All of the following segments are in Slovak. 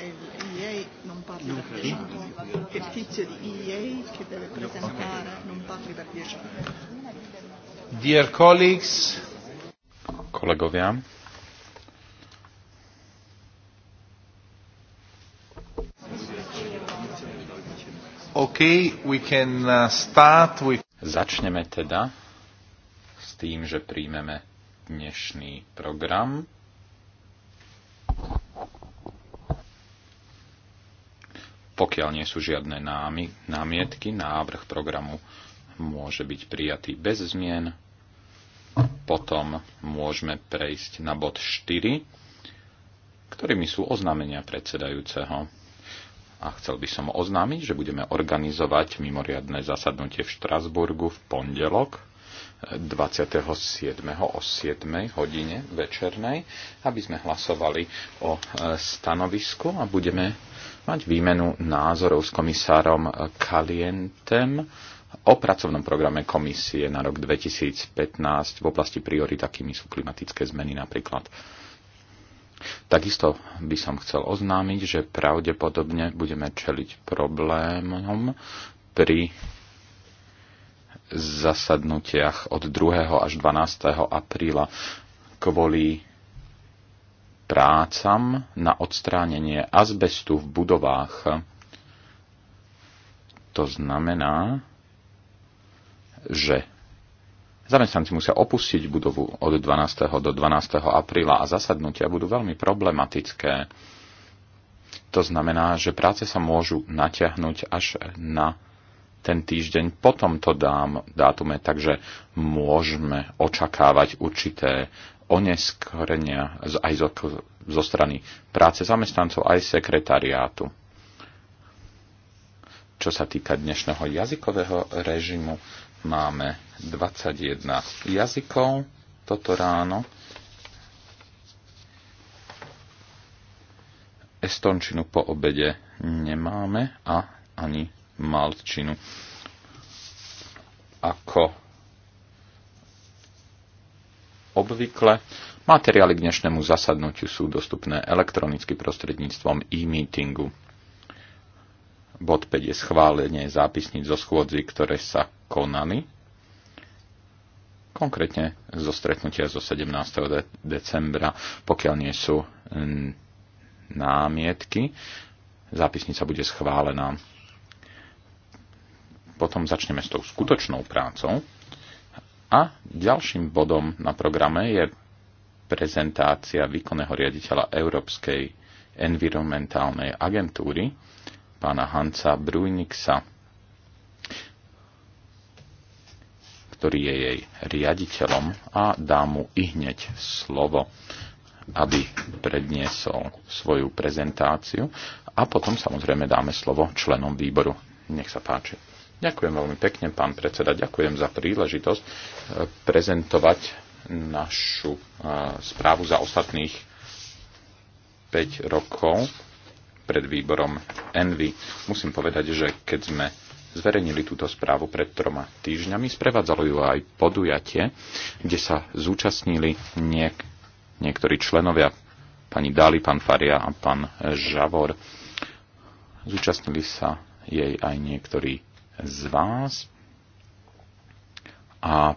che l'IA e non parli non per 10 minuti, il tizio di EA che deve no. presentare non parli per 10 Dear colleagues, kolegovia, Okay, we can uh, start with... Začneme teda s tým, že príjmeme dnešný program. Pokiaľ nie sú žiadne námi, námietky, návrh programu môže byť prijatý bez zmien. Potom môžeme prejsť na bod 4, ktorými sú oznámenia predsedajúceho. A chcel by som oznámiť, že budeme organizovať mimoriadne zasadnutie v Štrasburgu v pondelok 27. o 7. hodine večernej, aby sme hlasovali o e, stanovisku a budeme mať výmenu názorov s komisárom Kalientem o pracovnom programe komisie na rok 2015 v oblasti priorit, akými sú klimatické zmeny napríklad. Takisto by som chcel oznámiť, že pravdepodobne budeme čeliť problémom pri zasadnutiach od 2. až 12. apríla kvôli prácam na odstránenie azbestu v budovách. To znamená, že zamestnanci musia opustiť budovu od 12. do 12. apríla a zasadnutia budú veľmi problematické. To znamená, že práce sa môžu natiahnuť až na ten týždeň po tomto dám, dátume, takže môžeme očakávať určité oneskorenia aj zo, zo strany práce zamestnancov, aj sekretariátu. Čo sa týka dnešného jazykového režimu, máme 21 jazykov toto ráno. Estončinu po obede nemáme a ani malčinu. Ako obvykle. Materiály k dnešnému zasadnutiu sú dostupné elektronicky prostredníctvom e-meetingu. Bod 5 je schválenie zápisníc zo schôdzi, ktoré sa konali. Konkrétne zo stretnutia zo 17. De- decembra, pokiaľ nie sú námietky, zápisnica bude schválená. Potom začneme s tou skutočnou prácou. A ďalším bodom na programe je prezentácia výkonného riaditeľa Európskej environmentálnej agentúry, pána Hansa Brujniksa, ktorý je jej riaditeľom a dá mu i hneď slovo, aby predniesol svoju prezentáciu a potom samozrejme dáme slovo členom výboru. Nech sa páči. Ďakujem veľmi pekne, pán predseda. Ďakujem za príležitosť eh, prezentovať našu eh, správu za ostatných 5 rokov pred výborom Envy. Musím povedať, že keď sme zverejnili túto správu pred troma týždňami, sprevádzalo ju aj podujatie, kde sa zúčastnili niek- niektorí členovia, pani Dali, pán Faria a pán Žavor. Zúčastnili sa jej aj niektorí z vás. A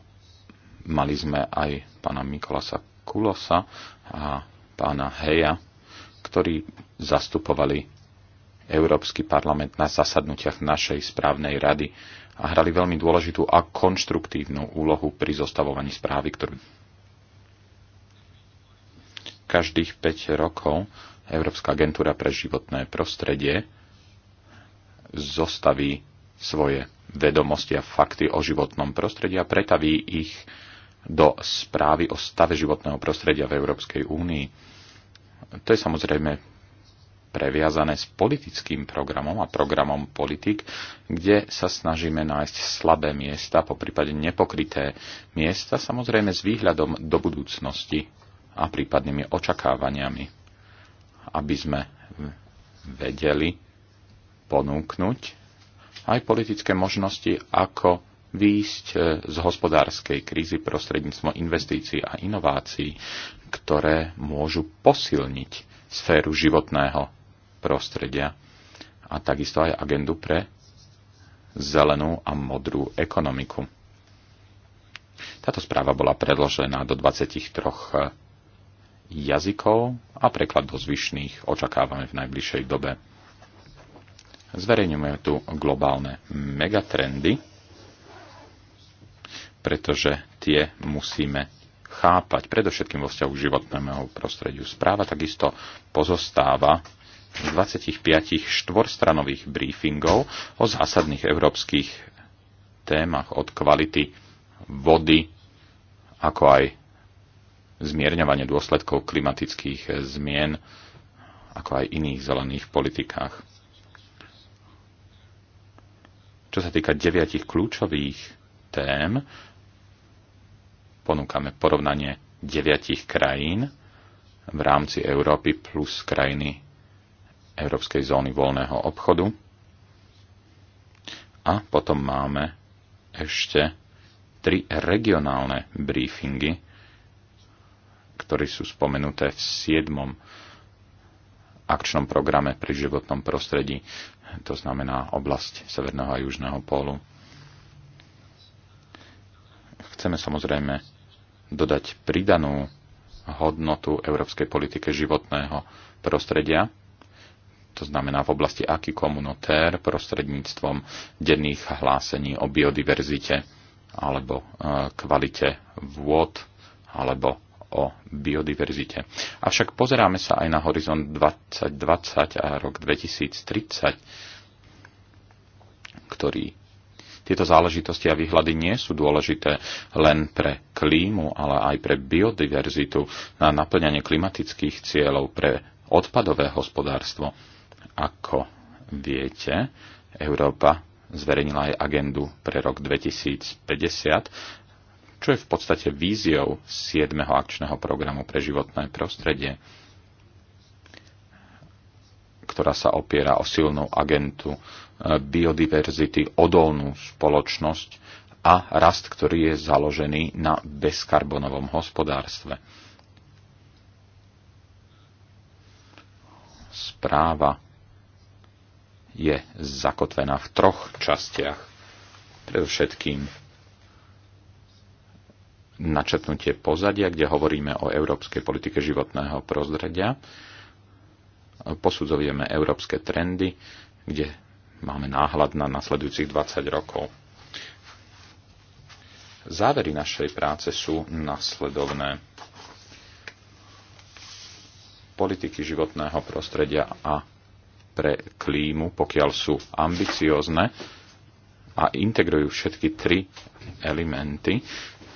mali sme aj pána Mikolasa Kulosa a pána Heja, ktorí zastupovali Európsky parlament na zasadnutiach našej správnej rady a hrali veľmi dôležitú a konštruktívnu úlohu pri zostavovaní správy, ktorú každých 5 rokov Európska agentúra pre životné prostredie zostaví svoje vedomosti a fakty o životnom prostredí a pretaví ich do správy o stave životného prostredia v Európskej únii. To je samozrejme previazané s politickým programom a programom politik, kde sa snažíme nájsť slabé miesta, po prípade nepokryté miesta, samozrejme s výhľadom do budúcnosti a prípadnými očakávaniami, aby sme vedeli ponúknuť aj politické možnosti, ako výjsť e, z hospodárskej krízy prostredníctvom investícií a inovácií, ktoré môžu posilniť sféru životného prostredia a takisto aj agendu pre zelenú a modrú ekonomiku. Táto správa bola predložená do 23 e, jazykov a preklad do zvyšných očakávame v najbližšej dobe. Zverejňujeme tu globálne megatrendy, pretože tie musíme chápať predovšetkým vo vzťahu k životnému prostrediu. Správa takisto pozostáva z 25 štvorstranových briefingov o zásadných európskych témach od kvality vody, ako aj zmierňovanie dôsledkov klimatických zmien, ako aj iných zelených politikách. Čo sa týka deviatich kľúčových tém, ponúkame porovnanie deviatich krajín v rámci Európy plus krajiny Európskej zóny voľného obchodu. A potom máme ešte tri regionálne briefingy, ktoré sú spomenuté v 7 akčnom programe pri životnom prostredí, to znamená oblasť Severného a Južného pólu. Chceme samozrejme dodať pridanú hodnotu európskej politike životného prostredia, to znamená v oblasti aký komunotér prostredníctvom denných hlásení o biodiverzite alebo e, kvalite vôd alebo o biodiverzite. Avšak pozeráme sa aj na horizont 2020 a rok 2030, ktorý tieto záležitosti a výhľady nie sú dôležité len pre klímu, ale aj pre biodiverzitu na naplňanie klimatických cieľov pre odpadové hospodárstvo. Ako viete, Európa zverejnila aj agendu pre rok 2050 čo je v podstate víziou 7. akčného programu pre životné prostredie, ktorá sa opiera o silnú agentu eh, biodiverzity, odolnú spoločnosť a rast, ktorý je založený na bezkarbonovom hospodárstve. Správa je zakotvená v troch častiach. Predovšetkým načetnutie pozadia, kde hovoríme o európskej politike životného prostredia. Posudzujeme európske trendy, kde máme náhľad na nasledujúcich 20 rokov. Závery našej práce sú nasledovné. Politiky životného prostredia a pre klímu, pokiaľ sú ambiciozne a integrujú všetky tri elementy,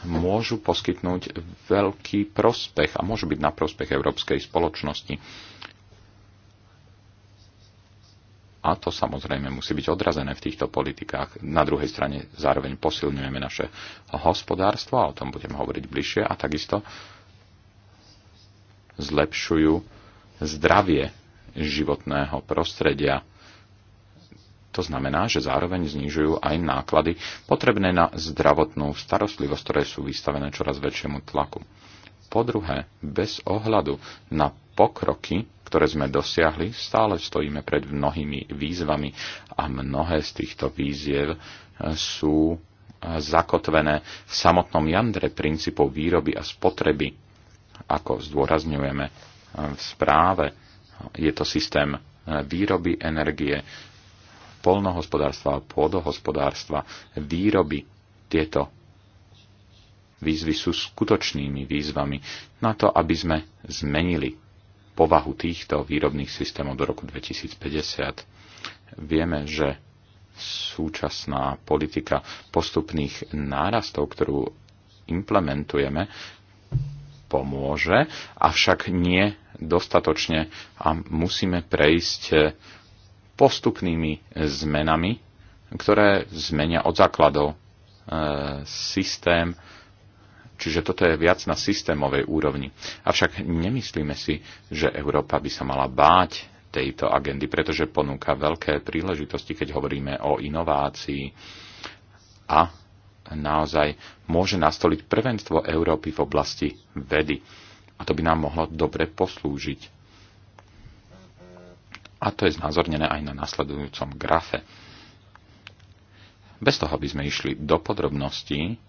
môžu poskytnúť veľký prospech a môžu byť na prospech európskej spoločnosti. A to samozrejme musí byť odrazené v týchto politikách. Na druhej strane zároveň posilňujeme naše hospodárstvo, a o tom budem hovoriť bližšie, a takisto zlepšujú zdravie životného prostredia to znamená, že zároveň znižujú aj náklady potrebné na zdravotnú starostlivosť, ktoré sú vystavené čoraz väčšiemu tlaku. Po druhé, bez ohľadu na pokroky, ktoré sme dosiahli, stále stojíme pred mnohými výzvami a mnohé z týchto výziev e, sú e, zakotvené v samotnom jandre princípov výroby a spotreby, ako zdôrazňujeme e, v správe. Je to systém výroby energie, polnohospodárstva a pôdohospodárstva, výroby. Tieto výzvy sú skutočnými výzvami na to, aby sme zmenili povahu týchto výrobných systémov do roku 2050. Vieme, že súčasná politika postupných nárastov, ktorú implementujeme, pomôže, avšak nie dostatočne a musíme prejsť postupnými zmenami, ktoré zmenia od základov e, systém, čiže toto je viac na systémovej úrovni. Avšak nemyslíme si, že Európa by sa mala báť tejto agendy, pretože ponúka veľké príležitosti, keď hovoríme o inovácii a naozaj môže nastoliť prvenstvo Európy v oblasti vedy. A to by nám mohlo dobre poslúžiť a to je znázornené aj na nasledujúcom grafe. Bez toho, aby sme išli do podrobností,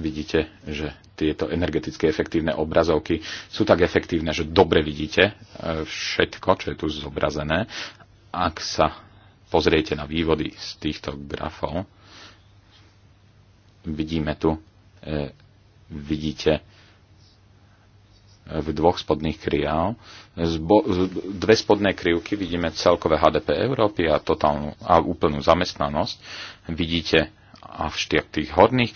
vidíte, že tieto energeticky efektívne obrazovky sú tak efektívne, že dobre vidíte e, všetko, čo je tu zobrazené. Ak sa pozriete na vývody z týchto grafov, vidíme tu, e, vidíte, v dvoch spodných kryjách. Dve spodné krivky vidíme celkové HDP Európy a, totálnu, a úplnú zamestnanosť. Vidíte a v tých horných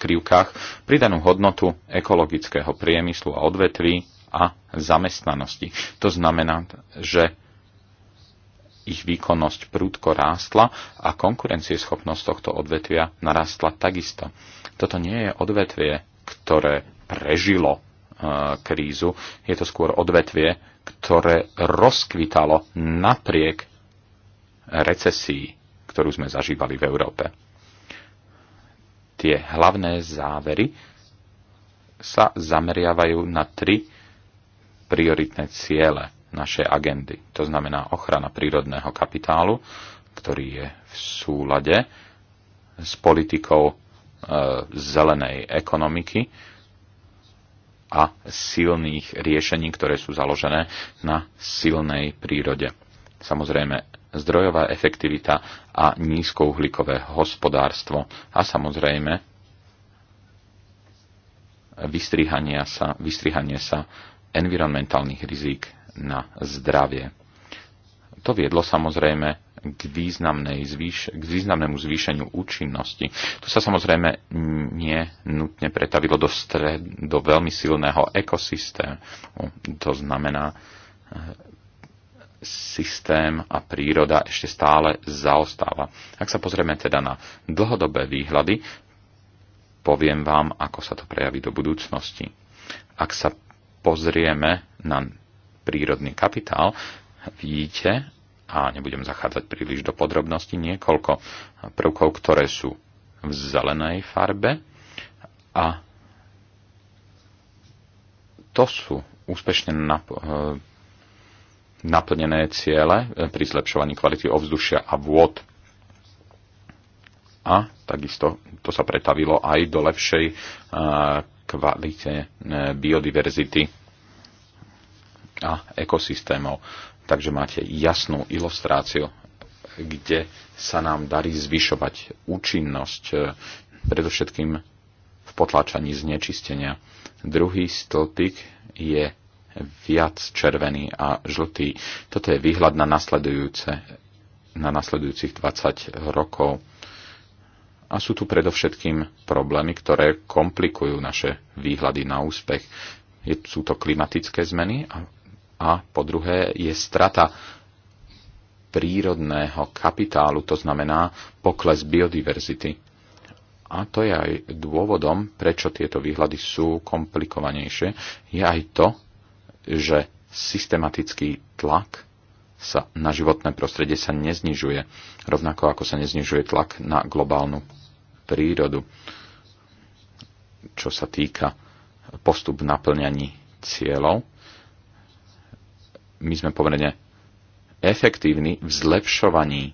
krivkách pridanú hodnotu ekologického priemyslu a odvetví a zamestnanosti. To znamená, že ich výkonnosť prúdko rástla a konkurencieschopnosť tohto odvetvia narastla takisto. Toto nie je odvetvie, ktoré prežilo krízu. Je to skôr odvetvie, ktoré rozkvitalo napriek recesii, ktorú sme zažívali v Európe. Tie hlavné závery sa zameriavajú na tri prioritné ciele našej agendy. To znamená ochrana prírodného kapitálu, ktorý je v súlade s politikou e, zelenej ekonomiky, a silných riešení, ktoré sú založené na silnej prírode. Samozrejme, zdrojová efektivita a nízkouhlíkové hospodárstvo a samozrejme vystrihanie sa, vystrihanie sa environmentálnych rizík na zdravie. To viedlo samozrejme k, významnej zvýš- k významnému zvýšeniu účinnosti. To sa samozrejme nie nutne pretavilo do, stred- do veľmi silného ekosystému. To znamená, e, systém a príroda ešte stále zaostáva. Ak sa pozrieme teda na dlhodobé výhľady, poviem vám, ako sa to prejaví do budúcnosti. Ak sa pozrieme na prírodný kapitál, vidíte, a nebudem zachádzať príliš do podrobností, niekoľko prvkov, ktoré sú v zelenej farbe a to sú úspešne nap- e, naplnené ciele e, pri zlepšovaní kvality ovzdušia a vôd. A takisto to sa pretavilo aj do lepšej e, kvalite biodiverzity a ekosystémov. Takže máte jasnú ilustráciu, kde sa nám darí zvyšovať účinnosť, e, predovšetkým v potláčaní znečistenia. Druhý stĺpik je viac červený a žltý. Toto je výhľad na nasledujúce na nasledujúcich 20 rokov. A sú tu predovšetkým problémy, ktoré komplikujú naše výhľady na úspech. Je, sú to klimatické zmeny a a po druhé je strata prírodného kapitálu, to znamená pokles biodiverzity. A to je aj dôvodom, prečo tieto výhľady sú komplikovanejšie, je aj to, že systematický tlak sa na životné prostredie sa neznižuje, rovnako ako sa neznižuje tlak na globálnu prírodu, čo sa týka postup naplňaní cieľov my sme pomerne efektívni v zlepšovaní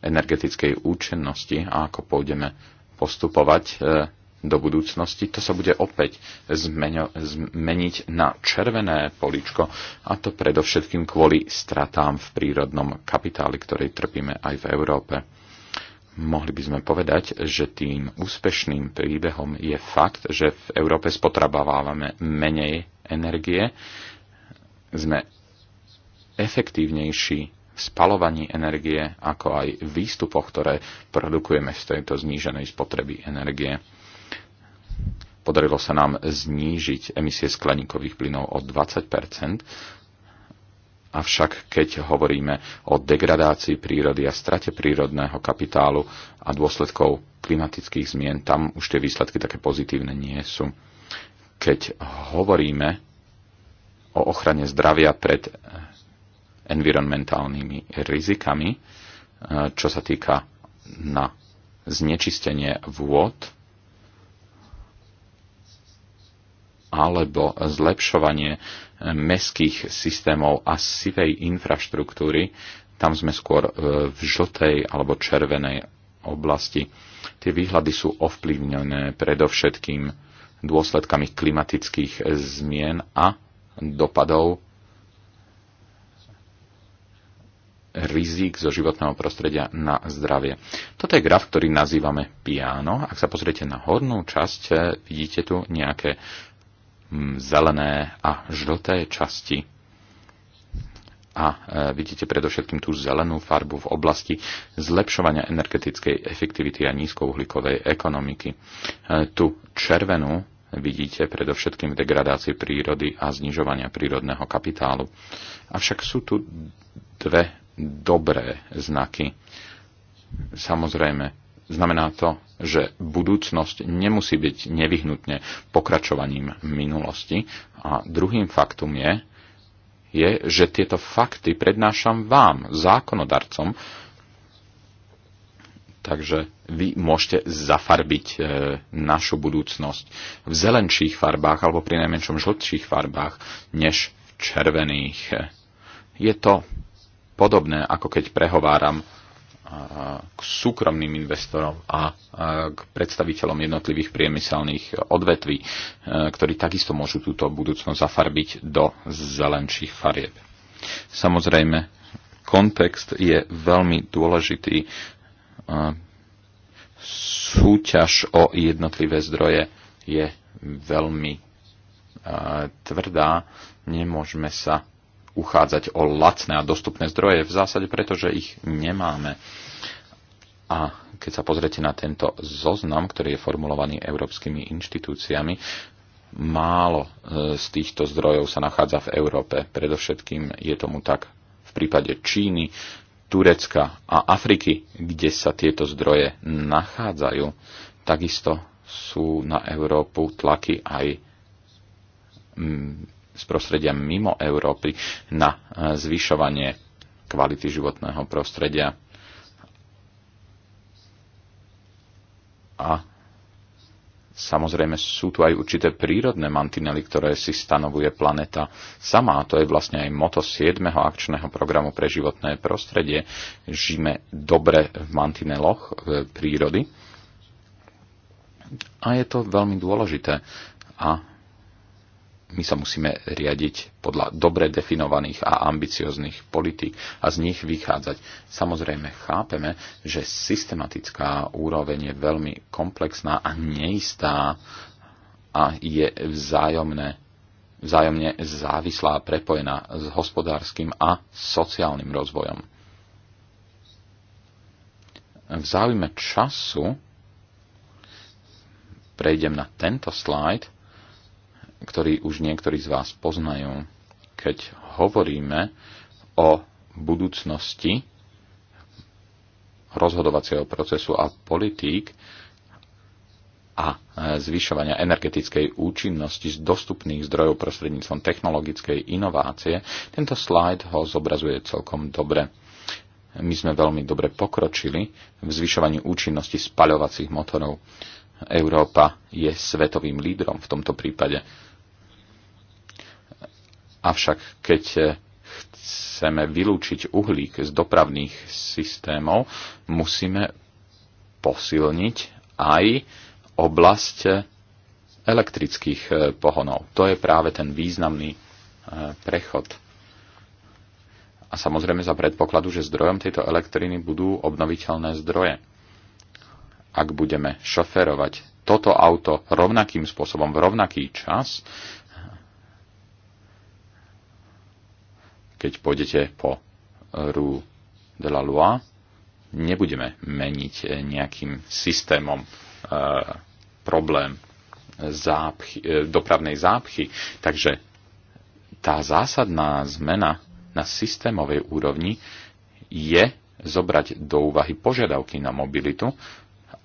energetickej účinnosti a ako pôjdeme postupovať e, do budúcnosti, to sa bude opäť zmenio, zmeniť na červené poličko a to predovšetkým kvôli stratám v prírodnom kapitáli, ktorý trpíme aj v Európe. Mohli by sme povedať, že tým úspešným príbehom je fakt, že v Európe spotrabávame menej energie, sme efektívnejší v spalovaní energie, ako aj výstupoch, ktoré produkujeme z tejto zníženej spotreby energie. Podarilo sa nám znížiť emisie skleníkových plynov o 20 avšak keď hovoríme o degradácii prírody a strate prírodného kapitálu a dôsledkov klimatických zmien, tam už tie výsledky také pozitívne nie sú. Keď hovoríme o ochrane zdravia pred environmentálnymi rizikami, e, čo sa týka na znečistenie vôd alebo zlepšovanie meských systémov a sivej infraštruktúry. Tam sme skôr e, v žltej alebo červenej oblasti. Tie výhľady sú ovplyvnené predovšetkým dôsledkami klimatických zmien a dopadov rizik zo životného prostredia na zdravie. Toto je graf, ktorý nazývame piano. Ak sa pozriete na hornú časť, eh, vidíte tu nejaké mm, zelené a žlté časti. A eh, vidíte predovšetkým tú zelenú farbu v oblasti zlepšovania energetickej efektivity a nízkouhlíkovej ekonomiky. Eh, tu červenú vidíte predovšetkým v degradácii prírody a znižovania prírodného kapitálu. Avšak sú tu dve dobré znaky. Samozrejme, znamená to, že budúcnosť nemusí byť nevyhnutne pokračovaním minulosti. A druhým faktom je, je, že tieto fakty prednášam vám, zákonodarcom, takže vy môžete zafarbiť e, našu budúcnosť v zelenších farbách alebo pri najmenšom žltších farbách než v červených. Je to podobné, ako keď prehováram eh, k súkromným investorom a eh, k predstaviteľom jednotlivých priemyselných odvetví, eh, ktorí takisto môžu túto budúcnosť zafarbiť do zelenších farieb. Samozrejme, kontext je veľmi dôležitý. Súťaž o jednotlivé zdroje je veľmi tvrdá. Nemôžeme sa uchádzať o lacné a dostupné zdroje, v zásade preto, že ich nemáme. A keď sa pozrete na tento zoznam, ktorý je formulovaný európskymi inštitúciami, málo e, z týchto zdrojov sa nachádza v Európe. Predovšetkým je tomu tak v prípade Číny, Turecka a Afriky, kde sa tieto zdroje nachádzajú. Takisto sú na Európu tlaky aj z prostredia mimo Európy na e, zvyšovanie kvality životného prostredia. A Samozrejme sú tu aj určité prírodné mantinely, ktoré si stanovuje planeta sama. A to je vlastne aj moto 7. akčného programu pre životné prostredie. Žijeme dobre v mantineloch e, prírody. A je to veľmi dôležité. A my sa musíme riadiť podľa dobre definovaných a ambicioznych politík a z nich vychádzať. Samozrejme chápeme, že systematická úroveň je veľmi komplexná a neistá a je vzájomné, vzájomne závislá a prepojená s hospodárskym a sociálnym rozvojom. V záujme času prejdem na tento slajd, ktorý už niektorí z vás poznajú. Keď hovoríme o budúcnosti rozhodovacieho procesu a politík a zvyšovania energetickej účinnosti z dostupných zdrojov prostredníctvom technologickej inovácie, tento slide ho zobrazuje celkom dobre. My sme veľmi dobre pokročili v zvyšovaní účinnosti spaľovacích motorov Európa je svetovým lídrom v tomto prípade. Avšak keď chceme vylúčiť uhlík z dopravných systémov, musíme posilniť aj oblasť elektrických eh, pohonov. To je práve ten významný eh, prechod. A samozrejme za predpokladu, že zdrojom tejto elektriny budú obnoviteľné zdroje ak budeme šoferovať toto auto rovnakým spôsobom v rovnaký čas, keď pôjdete po Rue de la Loi, nebudeme meniť nejakým systémom e, problém zápchy, e, dopravnej zápchy. Takže tá zásadná zmena na systémovej úrovni je zobrať do úvahy požiadavky na mobilitu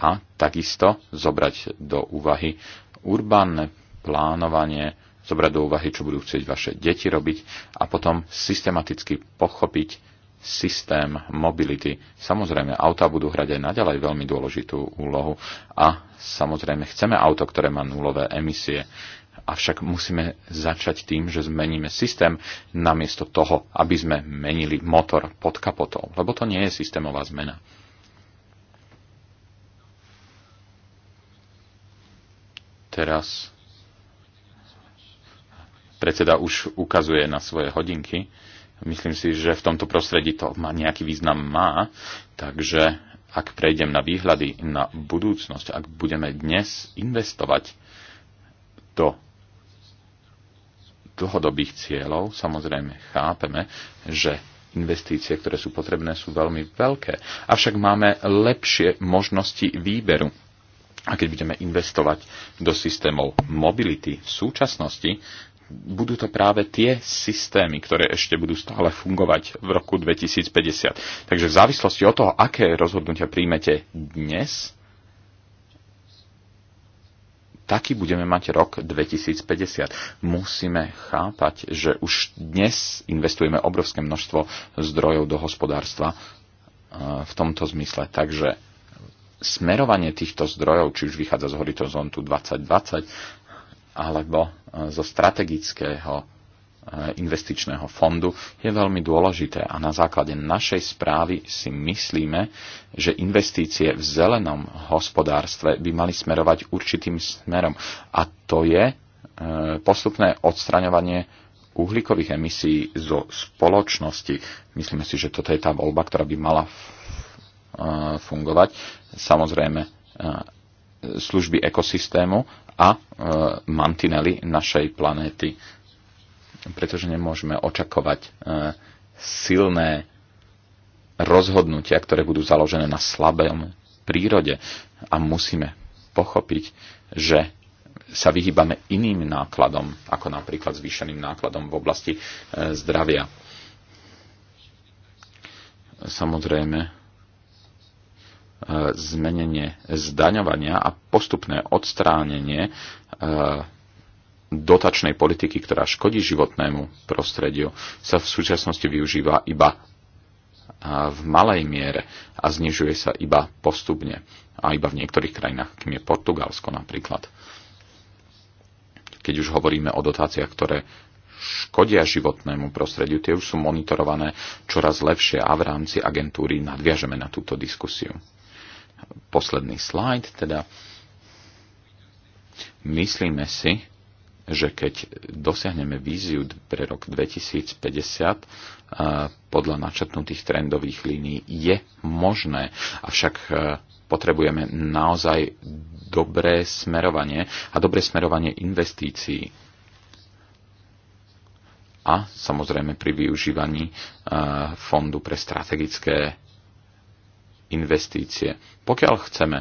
a takisto zobrať do úvahy urbánne plánovanie, zobrať do úvahy, čo budú chcieť vaše deti robiť a potom systematicky pochopiť systém mobility. Samozrejme, auta budú hrať aj naďalej veľmi dôležitú úlohu a samozrejme chceme auto, ktoré má nulové emisie. Avšak musíme začať tým, že zmeníme systém namiesto toho, aby sme menili motor pod kapotou, lebo to nie je systémová zmena. Teraz predseda už ukazuje na svoje hodinky. Myslím si, že v tomto prostredí to má nejaký význam má, takže ak prejdem na výhľady na budúcnosť, ak budeme dnes investovať do dlhodobých cieľov, samozrejme chápeme, že investície, ktoré sú potrebné, sú veľmi veľké. Avšak máme lepšie možnosti výberu a keď budeme investovať do systémov mobility v súčasnosti, budú to práve tie systémy, ktoré ešte budú stále fungovať v roku 2050. Takže v závislosti od toho, aké rozhodnutia príjmete dnes, taký budeme mať rok 2050. Musíme chápať, že už dnes investujeme obrovské množstvo zdrojov do hospodárstva eh, v tomto zmysle. Takže smerovanie týchto zdrojov, či už vychádza z horizontu 2020 alebo e, zo strategického e, investičného fondu je veľmi dôležité a na základe našej správy si myslíme, že investície v zelenom hospodárstve by mali smerovať určitým smerom a to je e, postupné odstraňovanie uhlíkových emisí zo spoločnosti. Myslíme si, že toto je tá voľba, ktorá by mala fungovať. Samozrejme, služby ekosystému a mantinely našej planéty. Pretože nemôžeme očakovať silné rozhodnutia, ktoré budú založené na slabom prírode. A musíme pochopiť, že sa vyhýbame iným nákladom, ako napríklad zvýšeným nákladom v oblasti e, zdravia. Samozrejme, E, zmenenie zdaňovania a postupné odstránenie e, dotačnej politiky, ktorá škodí životnému prostrediu, sa v súčasnosti využíva iba e, v malej miere a znižuje sa iba postupne. A iba v niektorých krajinách, kým je Portugalsko napríklad. Keď už hovoríme o dotáciách, ktoré škodia životnému prostrediu, tie už sú monitorované čoraz lepšie a v rámci agentúry nadviažeme na túto diskusiu posledný slajd, teda myslíme si, že keď dosiahneme víziu pre rok 2050 podľa načetnutých trendových línií, je možné. Avšak e, potrebujeme naozaj dobré smerovanie a dobré smerovanie investícií. A samozrejme pri využívaní e, Fondu pre strategické investície. Pokiaľ chceme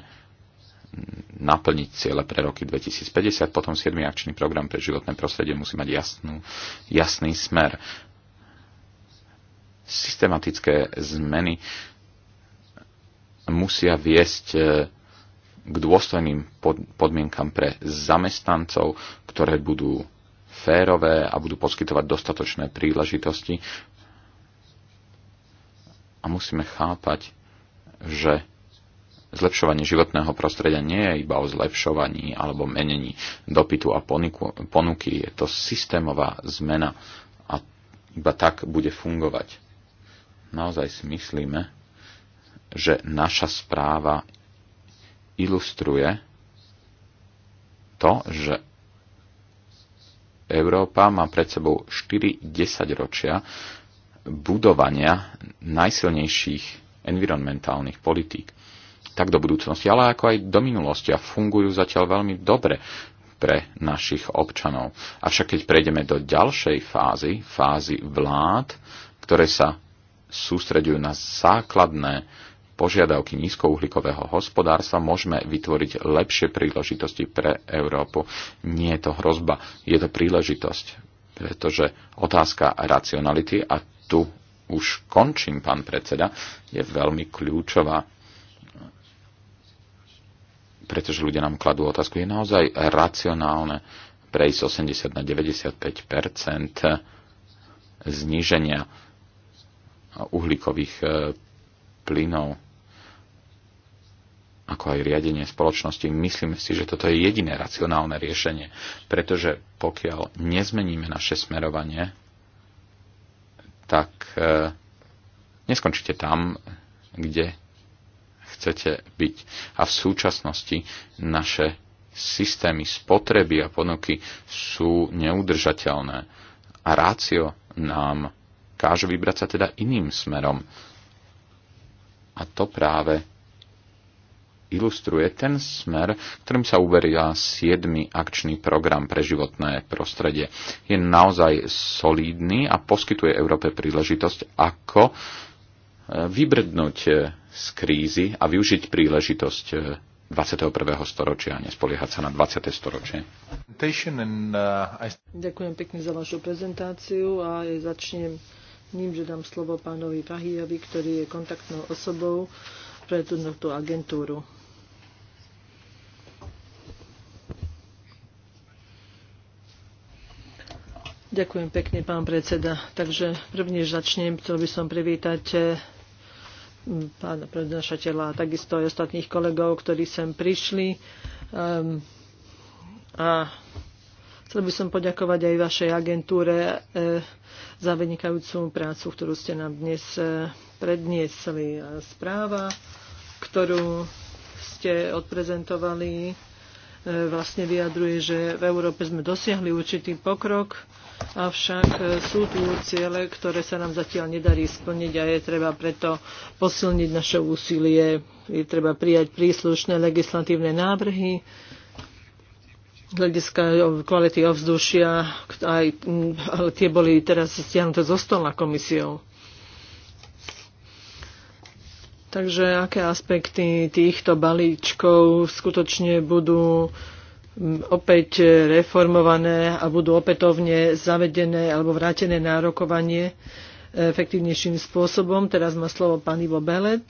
naplniť ciele pre roky 2050, potom 7. akčný program pre životné prostredie musí mať jasnú, jasný smer. Systematické zmeny musia viesť e, k dôstojným podmienkam pre zamestnancov, ktoré budú férové a budú poskytovať dostatočné príležitosti. A musíme chápať, že zlepšovanie životného prostredia nie je iba o zlepšovaní alebo menení dopytu a ponuky. Je to systémová zmena a iba tak bude fungovať. Naozaj si myslíme, že naša správa ilustruje to, že Európa má pred sebou 4 ročia budovania najsilnejších environmentálnych politík. Tak do budúcnosti, ale ako aj do minulosti a fungujú zatiaľ veľmi dobre pre našich občanov. Avšak keď prejdeme do ďalšej fázy, fázy vlád, ktoré sa sústreďujú na základné požiadavky nízkouhlíkového hospodárstva, môžeme vytvoriť lepšie príležitosti pre Európu. Nie je to hrozba, je to príležitosť, pretože otázka racionality a tu už končím, pán predseda, je veľmi kľúčová pretože ľudia nám kladú otázku, je naozaj racionálne prejsť 80 na 95 zníženia uhlíkových e, plynov, ako aj riadenie spoločnosti. Myslíme si, že toto je jediné racionálne riešenie, pretože pokiaľ nezmeníme naše smerovanie, tak e, neskončite tam, kde chcete byť. A v súčasnosti naše systémy spotreby a ponuky sú neudržateľné. A rácio nám káže vybrať sa teda iným smerom. A to práve ilustruje ten smer, ktorým sa uveria 7. akčný program pre životné prostredie. Je naozaj solídny a poskytuje Európe príležitosť, ako e, vybrdnúť e, z krízy a využiť príležitosť 21. E, storočia a nespoliehať sa na 20. storočie. Ďakujem pekne za vašu prezentáciu a začnem ním, že dám slovo pánovi Pahijovi, ktorý je kontaktnou osobou pre túto agentúru. Ďakujem pekne, pán predseda. Takže prvnež začnem, chcel by som privítať eh, pána prednášateľa a takisto aj ostatných kolegov, ktorí sem prišli. Um, a chcel by som poďakovať aj vašej agentúre e, za vynikajúcu prácu, ktorú ste nám dnes e, predniesli. A správa, ktorú ste odprezentovali, E, vlastne vyjadruje, že v Európe sme dosiahli určitý pokrok, avšak e, sú tu ciele, ktoré sa nám zatiaľ nedarí splniť a je treba preto posilniť naše úsilie, je treba prijať príslušné legislatívne návrhy, z hľadiska kvality ovzdušia, aj, ale tie boli teraz stiahnuté zo stola komisiou. Takže aké aspekty týchto balíčkov skutočne budú opäť reformované a budú opätovne zavedené alebo vrátené na rokovanie e, efektívnejším spôsobom. Teraz má slovo pán Ivo Belet.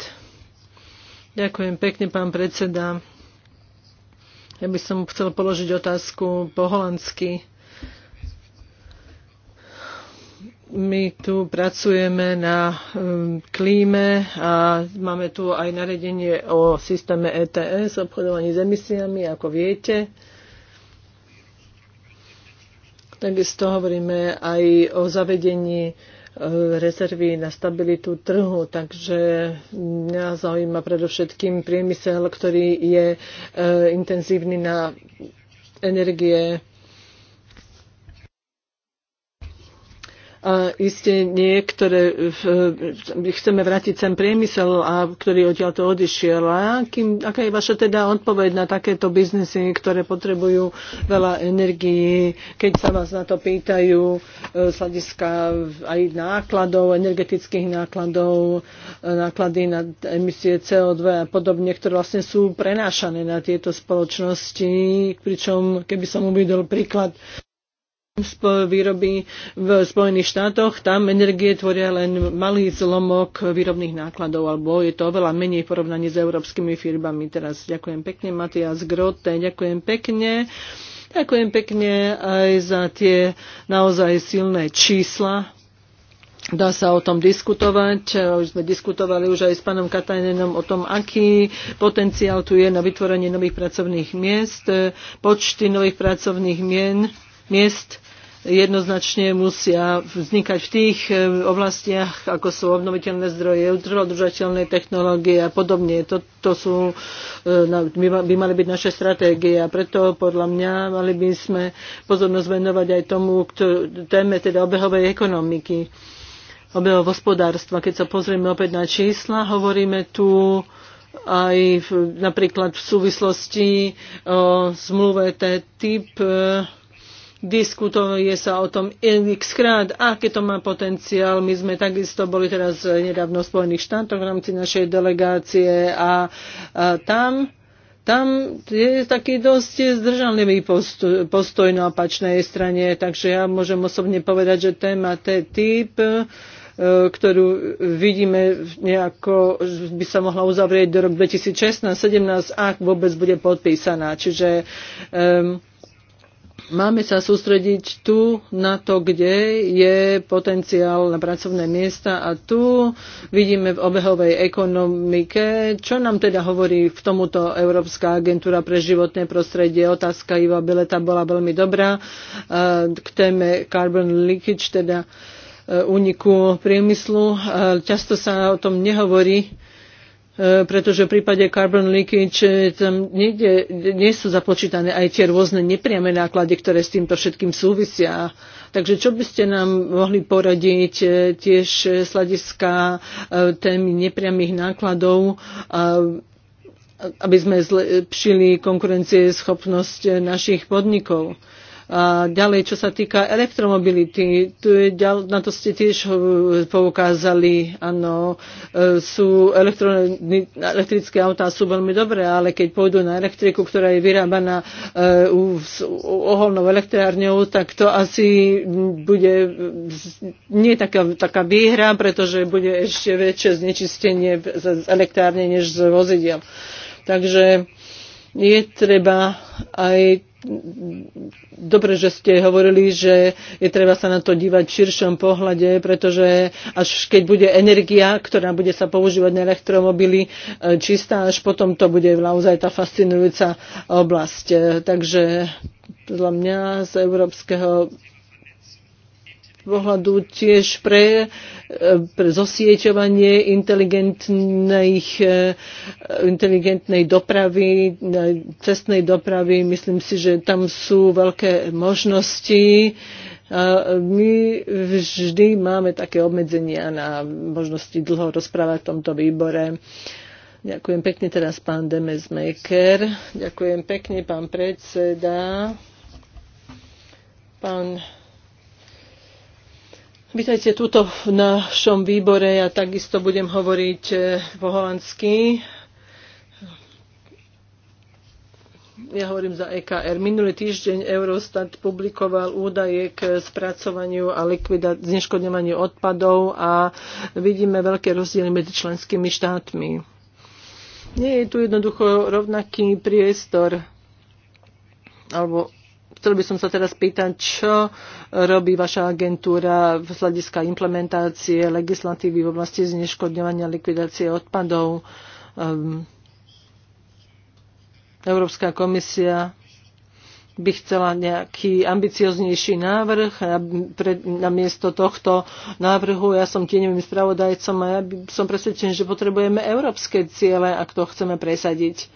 Ďakujem pekne, pán predseda. Ja by som chcel položiť otázku po holandsky my tu pracujeme na um, klíme a máme tu aj naredenie o systéme ETS, obchodovaní s emisiami, ako viete. Takisto hovoríme aj o zavedení uh, rezervy na stabilitu trhu, takže mňa zaujíma predovšetkým priemysel, ktorý je uh, intenzívny na energie A iste niektoré, e, chceme vrátiť sem priemysel, a ktorý odtiaľ to odišiel. A kým, aká je vaša teda odpoveď na takéto biznesy, ktoré potrebujú veľa energii, keď sa vás na to pýtajú e, z hľadiska aj nákladov, energetických nákladov, e, náklady na emisie CO2 a podobne, ktoré vlastne sú prenášané na tieto spoločnosti, pričom keby som uvidel príklad výroby v Spojených štátoch, tam energie tvoria len malý zlomok výrobných nákladov, alebo je to oveľa menej v porovnaní s európskymi firmami. Teraz ďakujem pekne, Matias Grote, ďakujem pekne. Ďakujem pekne aj za tie naozaj silné čísla. Dá sa o tom diskutovať. Už sme diskutovali už aj s pánom Katajnenom o tom, aký potenciál tu je na vytvorenie nových pracovných miest, počty nových pracovných mien, miest jednoznačne musia vznikať v tých e, oblastiach, ako sú obnoviteľné zdroje, udržateľné technológie a podobne. Toto sú, e, by mali byť naše stratégie a preto podľa mňa mali by sme pozornosť venovať aj tomu, téme teda obehovej ekonomiky, obeho hospodárstva. Keď sa pozrieme opäť na čísla, hovoríme tu aj v, napríklad v súvislosti o zmluve T-typ e, diskutuje sa o tom x krát, aké to má potenciál. My sme takisto boli teraz nedávno v Spojených štátoch v rámci našej delegácie a, a tam tam je taký dosť zdržanlivý postoj, postoj na opačnej strane, takže ja môžem osobne povedať, že téma T-typ e, ktorú vidíme nejako, by sa mohla uzavrieť do roku 2016-17, ak vôbec bude podpísaná. Čiže um, Máme sa sústrediť tu na to, kde je potenciál na pracovné miesta a tu vidíme v obehovej ekonomike, čo nám teda hovorí v tomuto Európska agentúra pre životné prostredie. Otázka Iva Beleta bola veľmi dobrá e, k téme carbon leakage, teda e, úniku priemyslu. E, často sa o tom nehovorí E, pretože v prípade carbon leakage e, tam niekde, nie sú započítané aj tie rôzne nepriame náklady, ktoré s týmto všetkým súvisia. Takže čo by ste nám mohli poradiť e, tiež z hľadiska témy nepriamých nákladov, aby sme zlepšili konkurencieschopnosť našich podnikov? A ďalej, čo sa týka elektromobility, tu je, na to ste tiež poukázali, áno, e, sú elektro, elektrické autá sú veľmi dobré, ale keď pôjdu na elektriku, ktorá je vyrábaná e, oholnou elektrárňou, tak to asi bude nie taká, taká výhra, pretože bude ešte väčšie znečistenie z elektrárne než z vozidiel. Takže je treba aj dobre, že ste hovorili, že je treba sa na to dívať v širšom pohľade, pretože až keď bude energia, ktorá bude sa používať na elektromobily e, čistá, až potom to bude naozaj tá fascinujúca oblasť. E, takže podľa mňa z európskeho pohľadu tiež pre, e, pre zosieťovanie inteligentnej, inteligentnej dopravy, e, cestnej dopravy. Myslím si, že tam sú veľké možnosti. A my vždy máme také obmedzenia na možnosti dlho rozprávať v tomto výbore. Ďakujem pekne teraz pán Maker. Ďakujem pekne pán predseda. Pán Vítajte tuto v našom výbore. Ja takisto budem hovoriť eh, po holandsky. ja hovorím za EKR. Minulý týždeň Eurostat publikoval údaje k spracovaniu a likvida- zneškodňovaniu odpadov a vidíme veľké rozdiely medzi členskými štátmi. Nie je tu jednoducho rovnaký priestor alebo chcel by som sa teraz pýtať, čo robí vaša agentúra v hľadiska implementácie legislatívy v oblasti zneškodňovania likvidácie odpadov. Ehm, Európska komisia by chcela nejaký ambicioznejší návrh a pre, namiesto tohto návrhu ja som tieňovým spravodajcom a ja by, som presvedčený, že potrebujeme európske ciele, ak to chceme presadiť.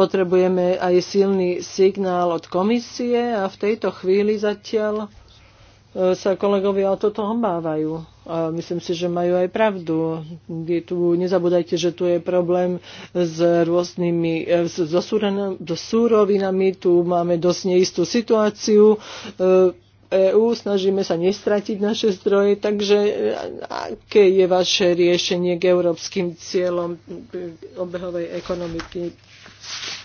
Potrebujeme aj silný signál od komisie a v tejto chvíli zatiaľ e, sa kolegovia o toto obávajú. A myslím si, že majú aj pravdu. Je tu, nezabúdajte, že tu je problém s rôznymi e, so, so súrovinami, tu máme dosť neistú situáciu. EU, e snažíme sa nestratiť naše zdroje, takže aké je vaše riešenie k európskym cieľom obehovej ekonomiky?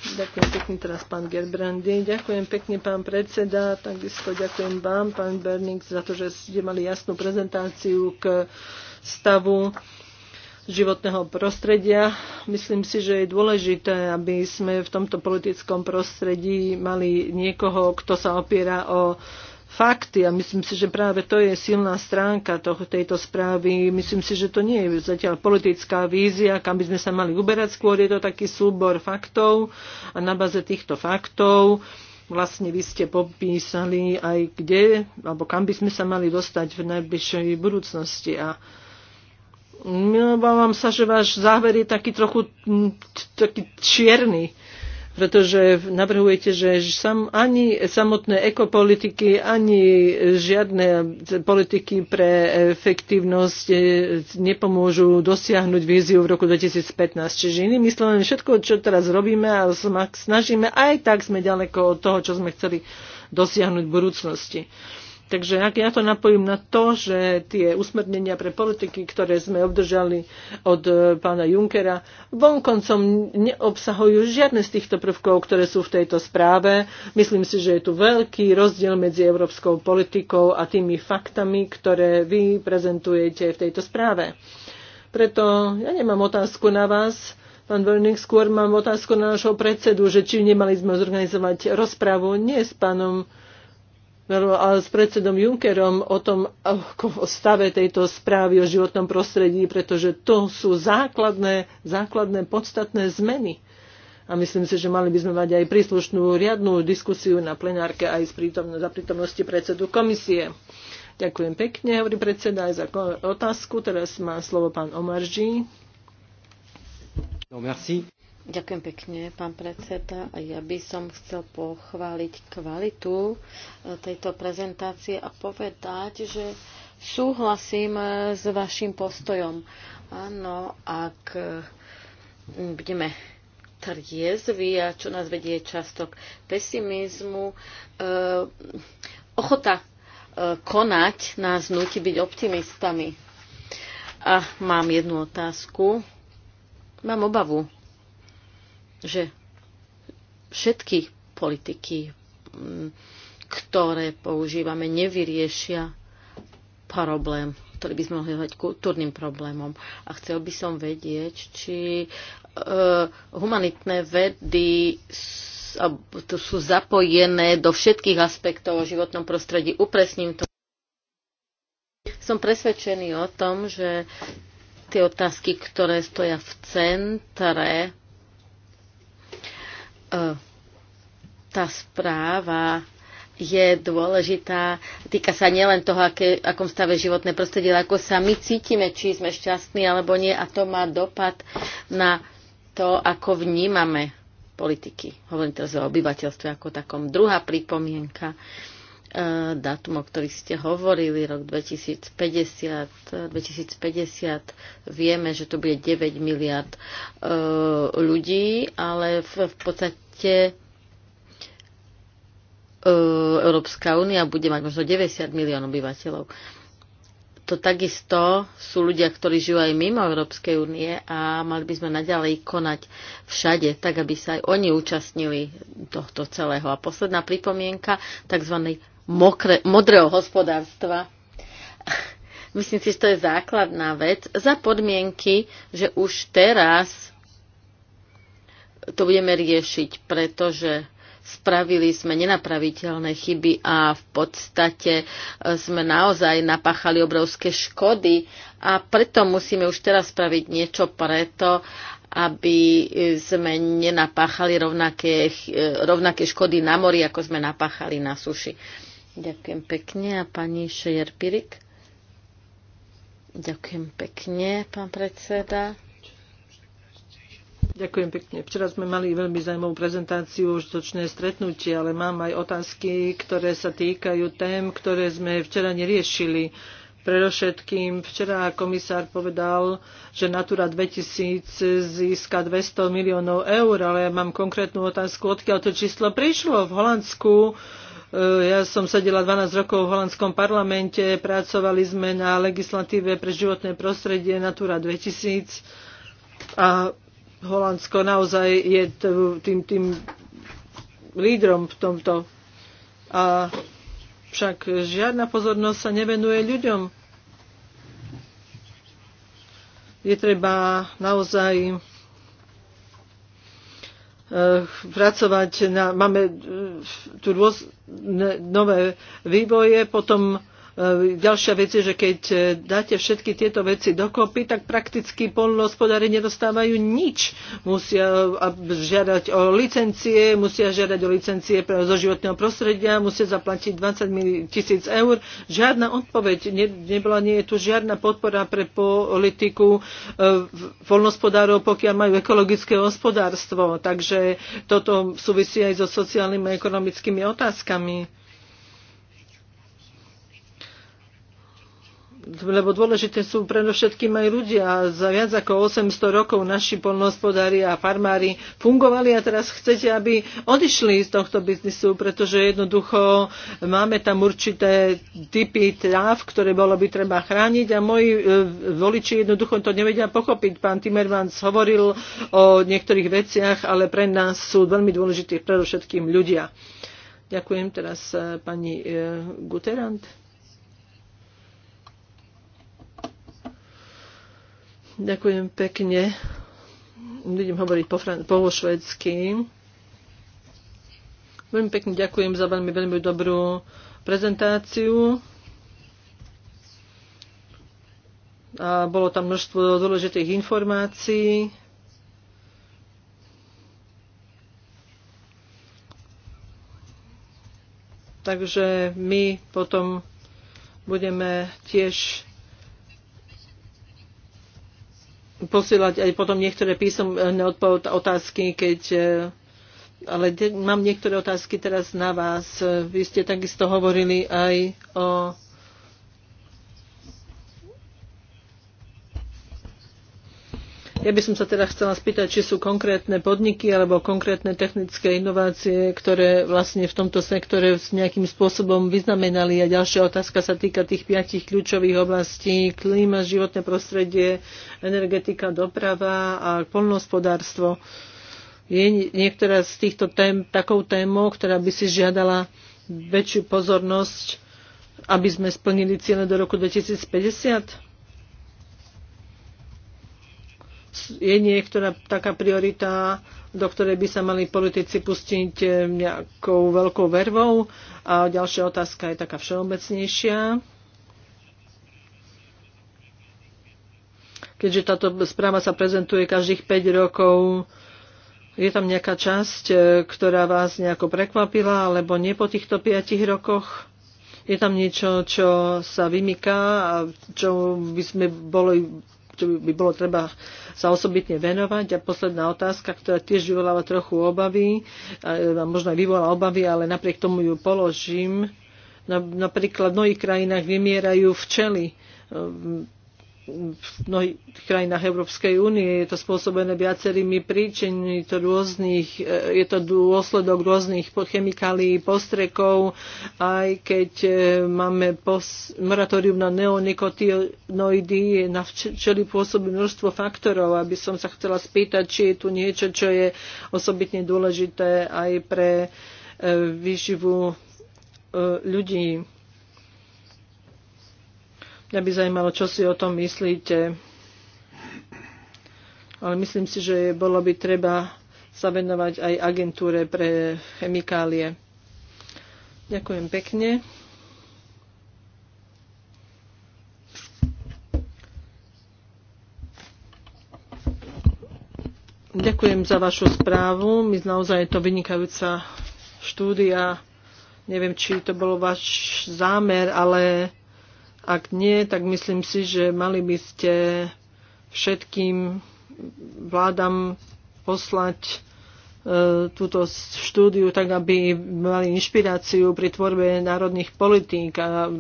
Ďakujem pekne teraz pán Gerbrandy. Ďakujem pekne pán predseda, takisto ďakujem vám, pán Berning, za to, že ste mali jasnú prezentáciu k stavu životného prostredia. Myslím si, že je dôležité, aby sme v tomto politickom prostredí mali niekoho, kto sa opiera o fakty a myslím si, že práve to je silná stránka toho, tejto správy. Myslím si, že to nie je zatiaľ politická vízia, kam by sme sa mali uberať. Skôr je to taký súbor faktov a na baze týchto faktov vlastne vy ste popísali aj kde, alebo kam by sme sa mali dostať v najbližšej budúcnosti. A obávam sa, že váš záver je taký trochu taký čierny pretože navrhujete, že sam, ani samotné ekopolitiky, ani žiadne politiky pre efektívnosť e, nepomôžu dosiahnuť víziu v roku 2015. Čiže inými slovami, všetko, čo teraz robíme a snažíme, aj tak sme ďaleko od toho, čo sme chceli dosiahnuť v budúcnosti. Takže ak ja to napojím na to, že tie usmernenia pre politiky, ktoré sme obdržali od e, pána Junkera, vonkoncom neobsahujú žiadne z týchto prvkov, ktoré sú v tejto správe. Myslím si, že je tu veľký rozdiel medzi európskou politikou a tými faktami, ktoré vy prezentujete v tejto správe. Preto ja nemám otázku na vás, Pán Vernik, skôr mám otázku na našho predsedu, že či nemali sme zorganizovať rozpravu nie s pánom s predsedom Junckerom o tom o stave tejto správy o životnom prostredí, pretože to sú základné, základné podstatné zmeny. A myslím si, že mali by sme mať aj príslušnú riadnú diskusiu na plenárke aj za prítomnosti predsedu komisie. Ďakujem pekne, hovorí predseda aj za otázku. Teraz má slovo pán Omarží. No, merci. Ďakujem pekne, pán predseda. Ja by som chcel pochváliť kvalitu e, tejto prezentácie a povedať, že súhlasím e, s vašim postojom. Áno, ak e, budeme triezvi a čo nás vedie často k pesimizmu, ochota konať nás nutí byť optimistami. A mám jednu otázku. Mám obavu, že všetky politiky, mm, ktoré používame, nevyriešia problém, ktorý by sme mohli hovať kultúrnym problémom. A chcel by som vedieť, či e, humanitné vedy sú, sú zapojené do všetkých aspektov o životnom prostredí. Upresním to. Som presvedčený o tom, že tie otázky, ktoré stoja v centre E, tá správa je dôležitá. Týka sa nielen toho, aké, akom stave životné prostredie, ale ako sa my cítime, či sme šťastní alebo nie. A to má dopad na to, ako vnímame politiky. Hovorím teraz o obyvateľstve ako takom. Druhá pripomienka. Uh, E, dátum, o ktorých ste hovorili, rok 2050, 2050 vieme, že to bude 9 miliard e, ľudí, ale v, v podstate e, Európska únia bude mať možno 90 milión obyvateľov. To takisto sú ľudia, ktorí žijú aj mimo Európskej únie a mali by sme naďalej konať všade, tak aby sa aj oni účastnili tohto celého. A posledná pripomienka, tzv mokre, modrého hospodárstva. Myslím si, že to je základná vec za podmienky, že už teraz to budeme riešiť, pretože spravili sme nenapraviteľné chyby a v podstate e, sme naozaj napáchali obrovské škody a preto musíme už teraz spraviť niečo preto, aby e, sme nenapáchali rovnaké, e, rovnaké škody na mori, ako sme napáchali na suši. Ďakujem pekne. A pani Šejer-Pirik? Ďakujem pekne, pán predseda. Ďakujem pekne. Včera sme mali veľmi zaujímavú prezentáciu, užitočné stretnutie, ale mám aj otázky, ktoré sa týkajú tém, ktoré sme včera neriešili. Predovšetkým včera komisár povedal, že Natura 2000 získa 200 miliónov eur, ale ja mám konkrétnu otázku, odkiaľ to číslo prišlo. V Holandsku E, ja som sedela 12 rokov v holandskom parlamente, pracovali sme na legislatíve pre životné prostredie Natura 2000 a Holandsko naozaj je tým, tým lídrom v tomto. A však žiadna pozornosť sa nevenuje ľuďom. Je treba naozaj Eh, pracovať na, máme eh, tu rôzne nové vývoje, potom E, ďalšia vec je, že keď e, dáte všetky tieto veci dokopy, tak prakticky polnohospodári nedostávajú nič. Musia e, žiadať o licencie, musia žiadať o licencie zo životného prostredia, musia zaplatiť 20 tisíc eur. Žiadna odpoveď, nebola, nie je tu žiadna podpora pre politiku polnohospodárov, pokiaľ majú ekologické hospodárstvo. Takže toto súvisí aj so sociálnymi a ekonomickými otázkami. lebo dôležité sú pre všetkým aj ľudia. Za viac ako 800 rokov naši polnohospodári a farmári fungovali a teraz chcete, aby odišli z tohto biznisu, pretože jednoducho máme tam určité typy tráv, ktoré bolo by treba chrániť a moji e, voliči jednoducho to nevedia pochopiť. Pán Timmermans hovoril o niektorých veciach, ale pre nás sú veľmi dôležití predovšetkým ľudia. Ďakujem teraz e, pani e, Guterand. Ďakujem pekne. Budem hovoriť po, fran- po švedsky. Veľmi pekne ďakujem za veľmi, veľmi dobrú prezentáciu. A bolo tam množstvo dôležitých informácií. Takže my potom budeme tiež posielať aj potom niektoré písomné otázky, keď e, ale mám niektoré otázky teraz na vás. Vy ste takisto hovorili aj o Ja by som sa teda chcela spýtať, či sú konkrétne podniky alebo konkrétne technické inovácie, ktoré vlastne v tomto sektore s nejakým spôsobom vyznamenali. A ďalšia otázka sa týka tých piatich kľúčových oblastí. Klíma, životné prostredie, energetika, doprava a polnohospodárstvo. Je niektorá z týchto tém takou témou, ktorá by si žiadala väčšiu pozornosť, aby sme splnili ciele do roku 2050? je niektorá taká priorita, do ktorej by sa mali politici pustiť eh, nejakou veľkou vervou. A ďalšia otázka je taká všeobecnejšia. Keďže táto správa sa prezentuje každých 5 rokov, je tam nejaká časť, eh, ktorá vás nejako prekvapila, alebo nie po týchto 5 rokoch? Je tam niečo, čo sa vymyká a čo by sme boli čo by bolo treba sa osobitne venovať. A posledná otázka, ktorá tiež vyvoláva trochu obavy, a možno aj vyvolá obavy, ale napriek tomu ju položím. No, napríklad v mnohých krajinách vymierajú včely ehm, v mnohých krajinách Európskej únie. Je to spôsobené viacerými príčinami, to rôznych, e, je to dôsledok rôznych chemikálií, postrekov, aj keď e, máme pos- moratórium na neonikotinoidy, na včeli pôsobí množstvo faktorov, aby som sa chcela spýtať, či je tu niečo, čo je osobitne dôležité aj pre e, výživu ľudí Mňa by zaujímalo, čo si o tom myslíte. Ale myslím si, že bolo by treba sa venovať aj agentúre pre chemikálie. Ďakujem pekne. Ďakujem za vašu správu. My naozaj je to vynikajúca štúdia. Neviem, či to bol váš zámer, ale ak nie, tak myslím si, že mali by ste všetkým vládam poslať e, túto štúdiu, tak aby mali inšpiráciu pri tvorbe národných politík a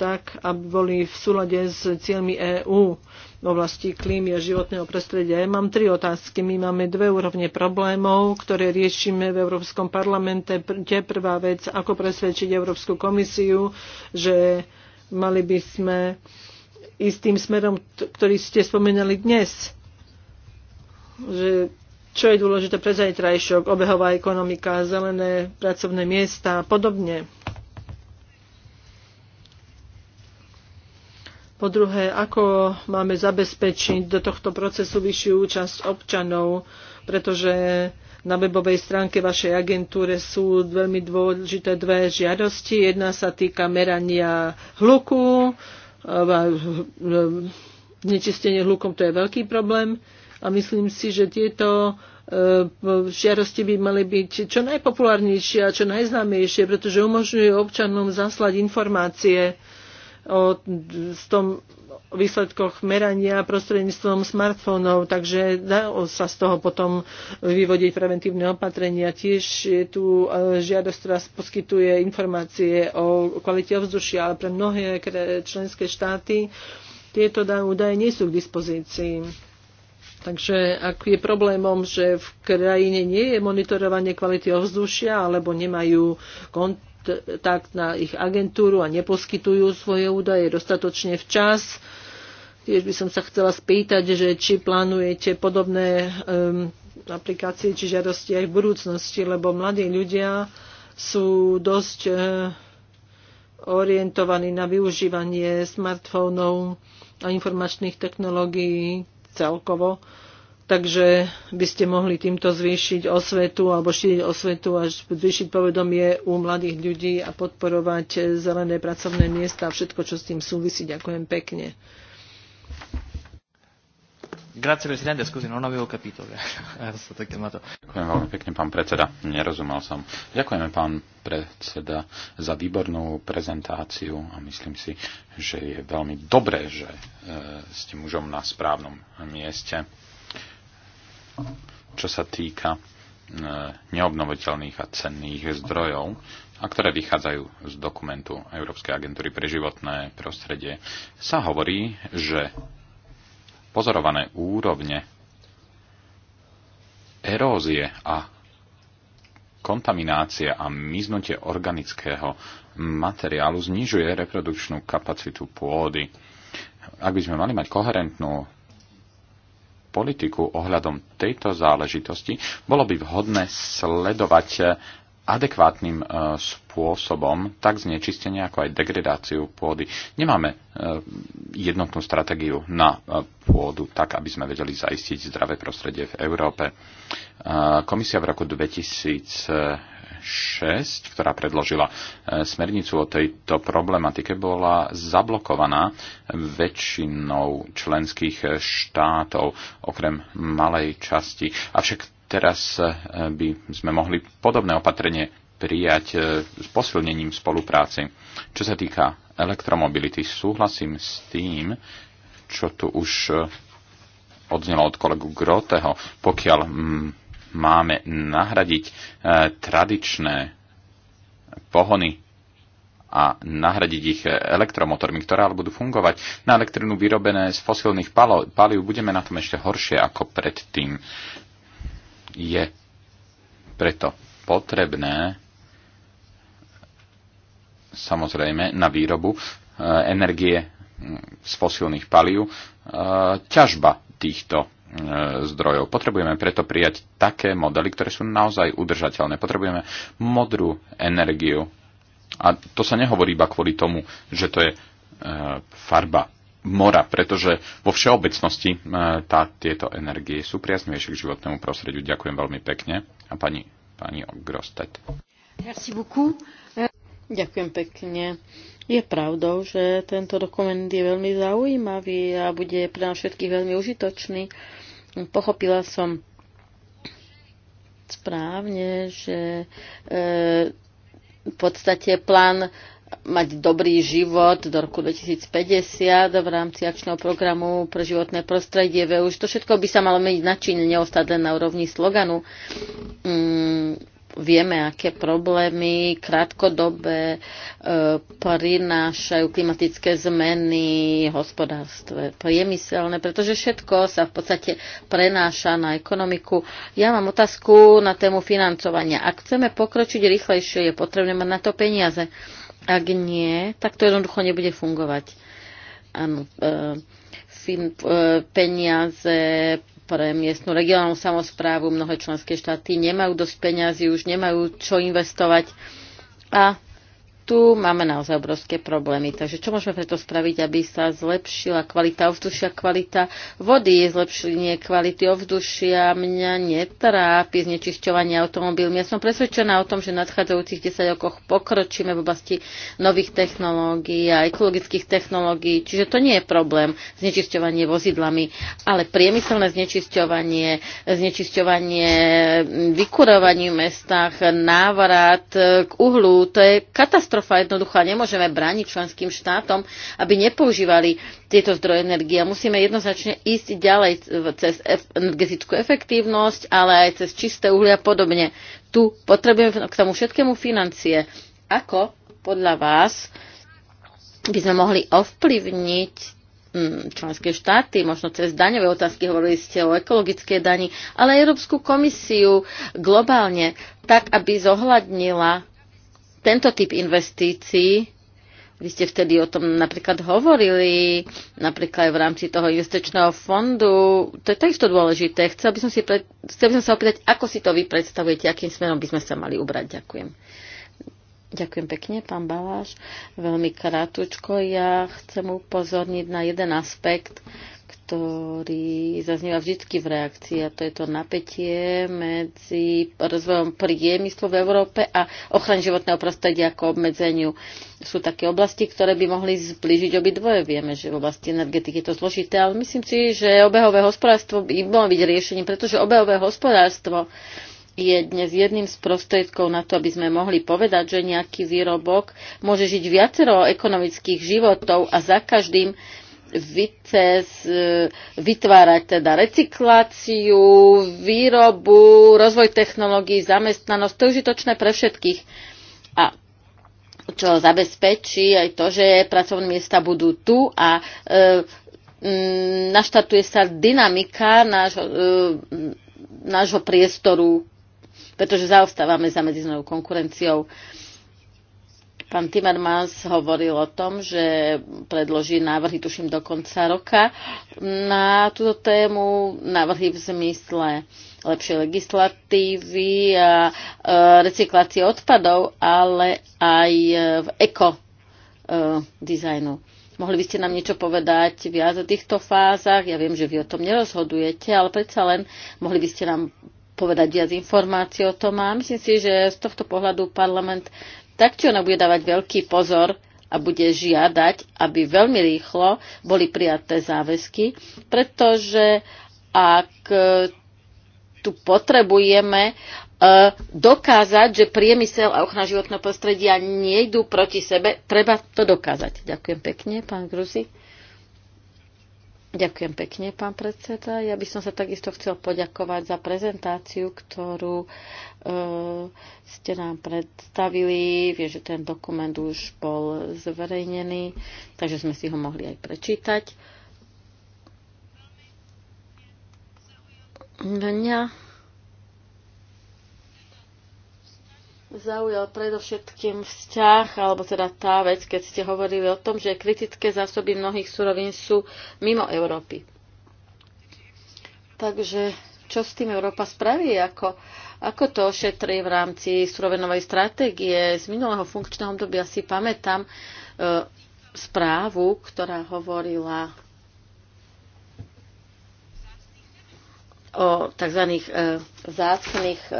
tak, aby boli v súlade s cieľmi EÚ v oblasti klímy a životného prostredia. Ja mám tri otázky. My máme dve úrovne problémov, ktoré riešime v Európskom parlamente. Prvá vec, ako presvedčiť Európsku komisiu, že mali by sme ísť tým smerom, ktorý ste spomenali dnes. Že čo je dôležité pre zajtrajšok, obehová ekonomika, zelené pracovné miesta a podobne. Po druhé, ako máme zabezpečiť do tohto procesu vyššiu účasť občanov, pretože na webovej stránke vašej agentúre sú veľmi dôležité dve žiadosti. Jedna sa týka merania hluku, e, e, nečistenie hlukom to je veľký problém a myslím si, že tieto e, žiarosti by mali byť čo najpopulárnejšie a čo najznámejšie, pretože umožňujú občanom zaslať informácie o tom výsledkoch merania prostredníctvom smartfónov, takže dá sa z toho potom vyvodiť preventívne opatrenia. Tiež je tu e, žiadosť, ktorá poskytuje informácie o kvalite ovzdušia, ale pre mnohé členské štáty tieto údaje nie sú k dispozícii. Takže ak je problémom, že v krajine nie je monitorovanie kvality ovzdušia alebo nemajú kont- kontakt na ich agentúru a neposkytujú svoje údaje dostatočne včas. Tiež by som sa chcela spýtať, že či plánujete podobné um, aplikácie či žiadosti aj v budúcnosti, lebo mladí ľudia sú dosť uh, orientovaní na využívanie smartfónov a informačných technológií celkovo. Uh, takže by ste mohli týmto zvýšiť osvetu alebo šíriť osvetu a zvýšiť povedomie u mladých ľudí a podporovať zelené pracovné miesta a všetko, čo s tým súvisí. Ďakujem pekne. Grazie Presidente, scusi, non avevo capito Ďakujem veľmi pekne, pán predseda. Nerozumel som. Ďakujeme, pán predseda, za výbornú prezentáciu a myslím si, že je veľmi dobré, že e, ste mužom na správnom mieste čo sa týka e, neobnoviteľných a cenných zdrojov, a ktoré vychádzajú z dokumentu Európskej agentúry pre životné prostredie, sa hovorí, že pozorované úrovne erózie a kontaminácia a miznutie organického materiálu znižuje reprodukčnú kapacitu pôdy. Ak by sme mali mať koherentnú politiku ohľadom tejto záležitosti, bolo by vhodné sledovať eh, adekvátnym e, spôsobom tak znečistenie, ako aj degradáciu pôdy. Nemáme e, jednotnú stratégiu na e, pôdu, tak aby sme vedeli zaistiť zdravé prostredie v Európe. Komisia v roku 2006, ktorá predložila smernicu o tejto problematike, bola zablokovaná väčšinou členských štátov, okrem malej časti. Avšak teraz eh, by sme mohli podobné opatrenie prijať eh, s posilnením spolupráce. Čo sa týka elektromobility, súhlasím s tým, čo tu už eh, odznelo od kolegu Groteho. Pokiaľ mm, máme nahradiť tradičné pohony a nahradiť ich elektromotormi, ktoré ale budú fungovať na elektrinu vyrobené z fosilných palív, budeme na tom ešte horšie ako predtým. Je preto potrebné samozrejme na výrobu e, energie z fosílnych palív e, ťažba týchto e, zdrojov. Potrebujeme preto prijať také modely, ktoré sú naozaj udržateľné. Potrebujeme modrú energiu. A to sa nehovorí iba kvôli tomu, že to je farba mora, pretože vo všeobecnosti e, tá, tieto energie sú priaznivejšie k životnému prostrediu. Ďakujem veľmi pekne. A pani, pani Grostet. Merci beaucoup. E, Ďakujem pekne. Je pravdou, že tento dokument je veľmi zaujímavý a bude pre nás všetkých veľmi užitočný. Pochopila som správne, že e, v podstate plán mať dobrý život do roku 2050 v rámci akčného programu pre životné prostredie v EU. To všetko by sa malo meniť na čin, neostať len na úrovni sloganu. Mm, vieme, aké problémy krátkodobé e, prinášajú klimatické zmeny hospodárstve, priemyselné, pretože všetko sa v podstate prenáša na ekonomiku. Ja mám otázku na tému financovania. Ak chceme pokročiť rýchlejšie, je potrebné mať na to peniaze. Ak nie, tak to jednoducho nebude fungovať. Áno, e, e peniaze pre miestnu regionálnu samozprávu, mnohé členské štáty nemajú dosť peniazy, už nemajú čo investovať a tu máme naozaj obrovské problémy. Takže čo môžeme preto spraviť, aby sa zlepšila kvalita ovzdušia, kvalita vody, zlepšenie kvality ovzdušia. Mňa netrápi znečisťovanie automobilmi. Ja som presvedčená o tom, že v nadchádzajúcich 10 rokoch pokročíme v oblasti nových technológií a ekologických technológií. Čiže to nie je problém znečišťovanie vozidlami, ale priemyselné znečisťovanie, znečisťovanie mm, vykurovaní v mestách, návrat e, k uhlu, to je katastrofa katastrofa. Jednoducho nemôžeme brániť členským štátom, aby nepoužívali tieto zdroje energie. Musíme jednoznačne ísť ďalej cez energetickú efektívnosť, ale aj cez čisté uhlie a podobne. Tu potrebujeme k tomu všetkému financie. Ako podľa vás by sme mohli ovplyvniť hm, členské štáty, možno cez daňové otázky, hovorili ste o ekologické dani, ale Európsku komisiu globálne, tak aby zohľadnila tento typ investícií vy ste vtedy o tom napríklad hovorili, napríklad aj v rámci toho investičného fondu. To je takisto dôležité. Chcel by som, si pred, chcel by som sa opýtať, ako si to vy predstavujete, akým smerom by sme sa mali ubrať. Ďakujem. Ďakujem pekne, pán Baláš. Veľmi krátko. Ja chcem upozorniť na jeden aspekt, ktorý zaznieva vždy v reakcii a to je to napätie medzi rozvojom priemyslu v Európe a ochran životného prostredia ako obmedzeniu. Sú také oblasti, ktoré by mohli zbližiť obidvoje. Vieme, že v oblasti energetiky je to zložité, ale myslím si, že obehové hospodárstvo by mohlo byť riešením, pretože obehové hospodárstvo je dnes jedným z prostriedkov na to, aby sme mohli povedať, že nejaký výrobok môže žiť viacero ekonomických životov a za každým vyces, e, vytvárať teda recykláciu, výrobu, rozvoj technológií, zamestnanosť. To je užitočné pre všetkých. A čo zabezpečí aj to, že pracovné miesta budú tu a e, m, naštartuje sa dynamika nášho, e, nášho priestoru, pretože zaostávame za medzinárodnou konkurenciou. E, Pán Timmermans hovoril o tom, že predloží návrhy, tuším, do konca roka na túto tému, návrhy v zmysle lepšej legislatívy a e, recyklácie odpadov, ale aj e, v eko e, dizajnu. Mohli by ste nám niečo povedať viac o týchto fázach? Ja viem, že vy o tom nerozhodujete, ale predsa len mohli by ste nám povedať viac informácií o tom. A myslím si, že z tohto pohľadu parlament tak či ona bude dávať veľký pozor a bude žiadať, aby veľmi rýchlo boli prijaté záväzky, pretože ak e, tu potrebujeme e, dokázať, že priemysel a ochrana životného prostredia nejdú proti sebe, treba to dokázať. Ďakujem pekne, pán Gruzi. Ďakujem pekne, pán predseda. Ja by som sa takisto chcel poďakovať za prezentáciu, ktorú e, ste nám predstavili. Viem, že ten dokument už bol zverejnený, takže sme si ho mohli aj prečítať. Mňa zaujal predovšetkým vzťah, alebo teda tá vec, keď ste hovorili o tom, že kritické zásoby mnohých surovín sú mimo Európy. Takže čo s tým Európa spraví? Ako, ako to ošetrí v rámci surovinovej stratégie? Z minulého funkčného obdobia si pamätám e, správu, ktorá hovorila o tzv. E, zácných e,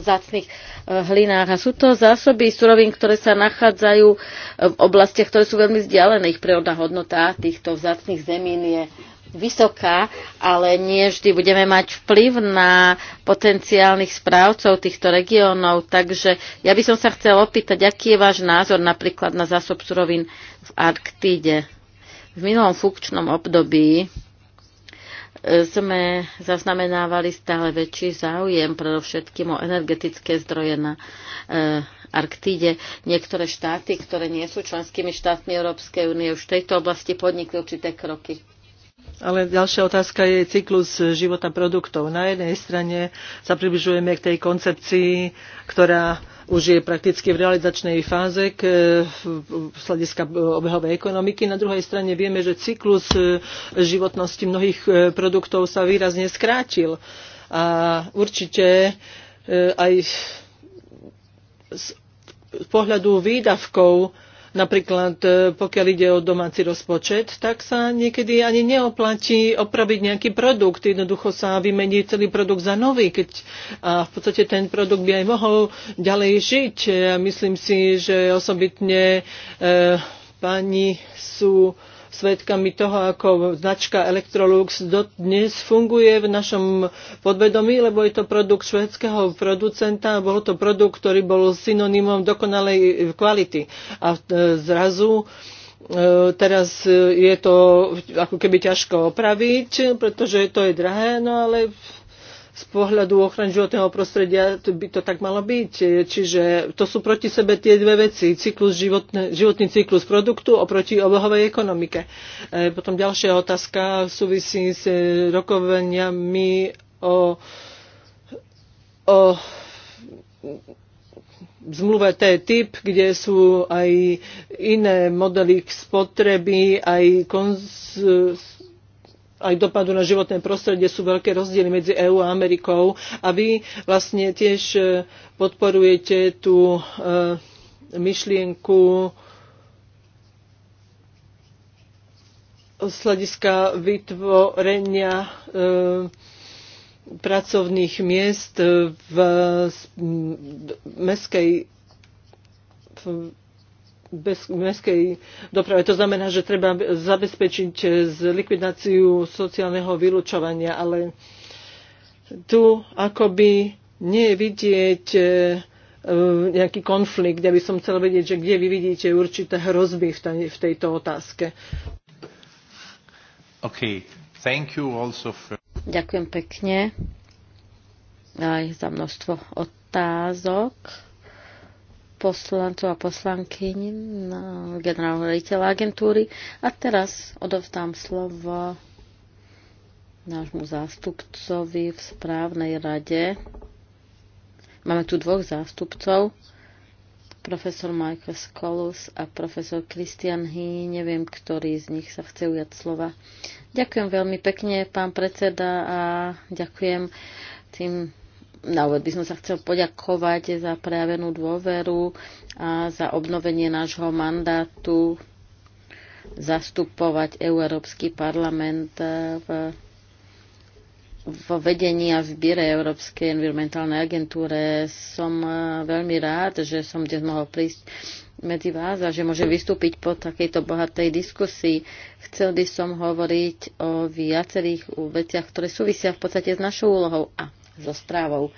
zácných e, hlinách. A sú to zásoby surovín, ktoré sa nachádzajú e, v oblastiach, ktoré sú veľmi vzdialené. Ich prírodná hodnota týchto vzácných zemín je vysoká, ale nie vždy budeme mať vplyv na potenciálnych správcov týchto regiónov. Takže ja by som sa chcel opýtať, aký je váš názor napríklad na zásob surovín v Arktíde. V minulom funkčnom období sme zaznamenávali stále väčší záujem predovšetkým o energetické zdroje na e, Arktíde. Niektoré štáty, ktoré nie sú členskými štátmi Európskej únie, už v tejto oblasti podnikli určité kroky. Ale ďalšia otázka je cyklus života produktov. Na jednej strane sa približujeme k tej koncepcii, ktorá už je prakticky v realizačnej fáze k, e, z hľadiska obehovej ekonomiky. Na druhej strane vieme, že cyklus e, životnosti mnohých e, produktov sa výrazne skrátil. A určite aj z pohľadu výdavkov Napríklad e, pokiaľ ide o domáci rozpočet, tak sa niekedy ani neoplatí opraviť nejaký produkt. Jednoducho sa vymení celý produkt za nový, keď a v podstate ten produkt by aj mohol ďalej žiť. Myslím si, že osobitne e, pani sú svedkami toho, ako značka Electrolux dnes funguje v našom podvedomí, lebo je to produkt švedského producenta, a bol to produkt, ktorý bol synonymom dokonalej kvality. A e, zrazu e, teraz e, je to ako keby ťažko opraviť, pretože to je drahé, no ale z pohľadu ochrany životného prostredia to by to tak malo byť. Čiže to sú proti sebe tie dve veci. Cyklus životne, životný cyklus produktu oproti obehovej ekonomike. E, potom ďalšia otázka súvisí s rokovaniami o, o zmluve typ, kde sú aj iné modely spotreby, aj konz, aj dopadu na životné prostredie sú veľké rozdiely medzi EÚ a Amerikou. A vy vlastne tiež e, podporujete tú e, myšlienku z hľadiska vytvorenia e, pracovných miest v meskej v bez mestskej doprave. To znamená, že treba zabezpečiť eh, z likvidáciu sociálneho vylúčovania, ale tu akoby nie je vidieť eh, eh, nejaký konflikt. Ja by som chcel vedieť, že kde vy vidíte určité hrozby v, v tejto otázke. Okay. Thank you also for... Ďakujem pekne aj za množstvo otázok poslancov a poslankyň generálneho rediteľa agentúry. A teraz odovzdám slovo nášmu zástupcovi v správnej rade. Máme tu dvoch zástupcov, profesor Michael Skolus a profesor Christian Hy. Neviem, ktorý z nich sa chce ujať slova. Ďakujem veľmi pekne, pán predseda, a ďakujem tým na úvod by som sa chcel poďakovať za prejavenú dôveru a za obnovenie nášho mandátu zastupovať Európsky parlament v vo vedení a v zbiere Európskej environmentálnej agentúre som eh, veľmi rád, že som dnes mohol prísť medzi vás a že môžem vystúpiť po takejto bohatej diskusii. Chcel by som hovoriť o viacerých veciach, ktoré súvisia v podstate s našou úlohou a so správou.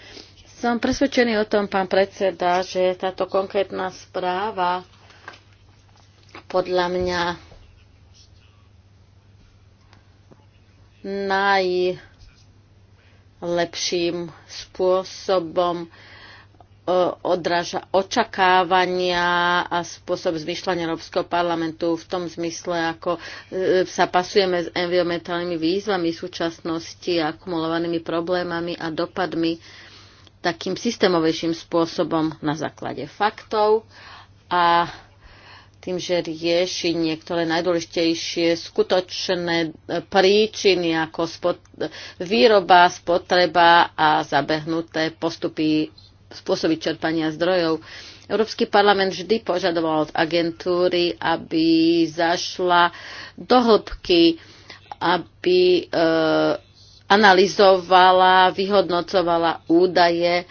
Som presvedčený o tom, pán predseda, že táto konkrétna správa podľa mňa najlepším spôsobom odráža očakávania a spôsob zmyšľania Európskeho parlamentu v tom zmysle, ako e, sa pasujeme s environmentálnymi výzvami súčasnosti a akumulovanými problémami a dopadmi takým systémovejším spôsobom na základe faktov a tým, že rieši niektoré najdôležitejšie skutočné e, príčiny ako spot, výroba, spotreba a zabehnuté postupy spôsoby čerpania zdrojov. Európsky parlament vždy požadoval od agentúry, aby zašla do hĺbky, aby e, analyzovala, vyhodnocovala údaje,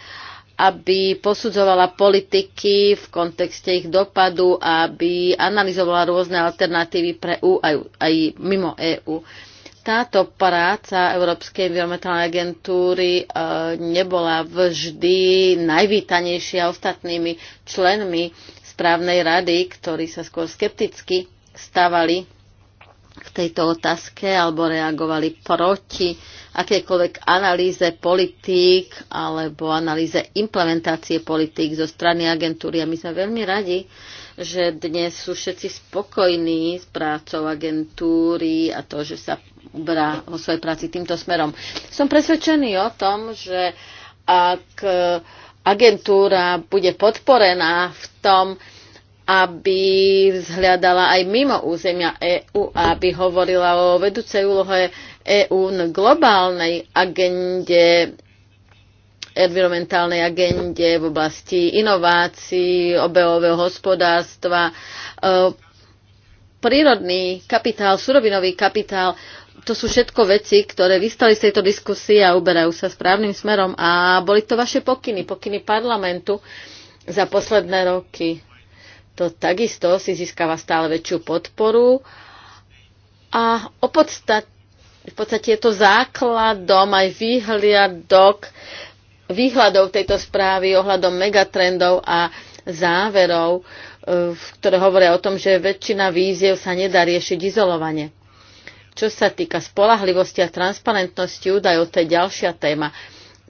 aby posudzovala politiky v kontexte ich dopadu, aby analyzovala rôzne alternatívy pre EU aj, aj mimo EÚ. EU táto práca Európskej environmentálnej agentúry e, nebola vždy najvítanejšia ostatnými členmi správnej rady, ktorí sa skôr skepticky stávali k tejto otázke alebo reagovali proti akékoľvek analýze politík alebo analýze implementácie politík zo strany agentúry. A my sme veľmi radi, že dnes sú všetci spokojní s prácou agentúry a to, že sa uberá o svojej práci týmto smerom. Som presvedčený o tom, že ak agentúra bude podporená v tom, aby vzhľadala aj mimo územia EÚ, aby hovorila o vedúcej úlohe EÚ v globálnej agende environmentálnej agende, v oblasti inovácií, obehového hospodárstva, eh, prírodný kapitál, surovinový kapitál. To sú všetko veci, ktoré vystali z tejto diskusie a uberajú sa správnym smerom. A boli to vaše pokyny, pokyny parlamentu za posledné roky. To takisto si získava stále väčšiu podporu a v podstate je to základom aj výhliadok výhľadov tejto správy ohľadom megatrendov a záverov, e, ktoré hovoria o tom, že väčšina víziev sa nedá riešiť izolovane. Čo sa týka spolahlivosti a transparentnosti údajov, to je ďalšia téma.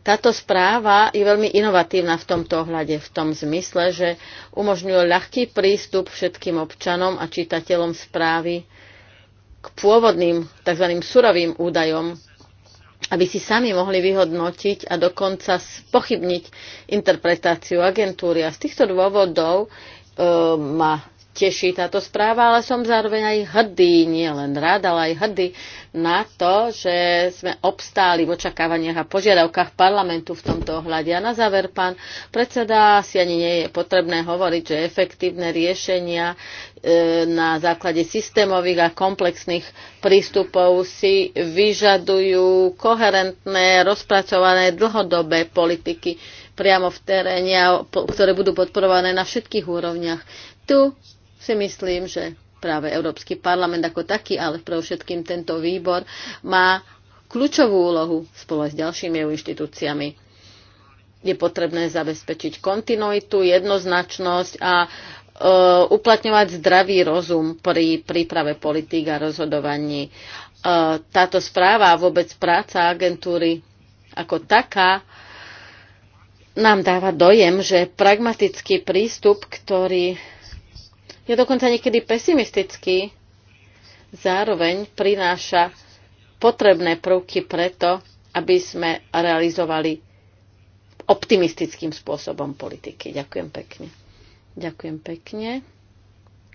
Táto správa je veľmi inovatívna v tomto ohľade, v tom zmysle, že umožňuje ľahký prístup všetkým občanom a čitateľom správy k pôvodným tzv. surovým údajom aby si sami mohli vyhodnotiť a dokonca spochybniť interpretáciu agentúry. A z týchto dôvodov e, ma teší táto správa, ale som zároveň aj hrdý, nie len rád, ale aj hrdý na to, že sme obstáli v očakávaniach a požiadavkách parlamentu v tomto ohľade. A na záver, pán predseda, asi ani nie je potrebné hovoriť, že efektívne riešenia e, na základe systémových a komplexných prístupov si vyžadujú koherentné, rozpracované dlhodobé politiky priamo v teréne, ktoré budú podporované na všetkých úrovniach. Tu si myslím, že práve Európsky parlament ako taký, ale pre všetkým tento výbor má kľúčovú úlohu spolu s ďalšími inštitúciami. Je potrebné zabezpečiť kontinuitu, jednoznačnosť a e, uplatňovať zdravý rozum pri príprave politík a rozhodovaní. E, táto správa a vôbec práca agentúry ako taká nám dáva dojem, že pragmatický prístup, ktorý je dokonca niekedy pesimistický, zároveň prináša potrebné prvky preto, aby sme realizovali optimistickým spôsobom politiky. Ďakujem pekne. Ďakujem pekne.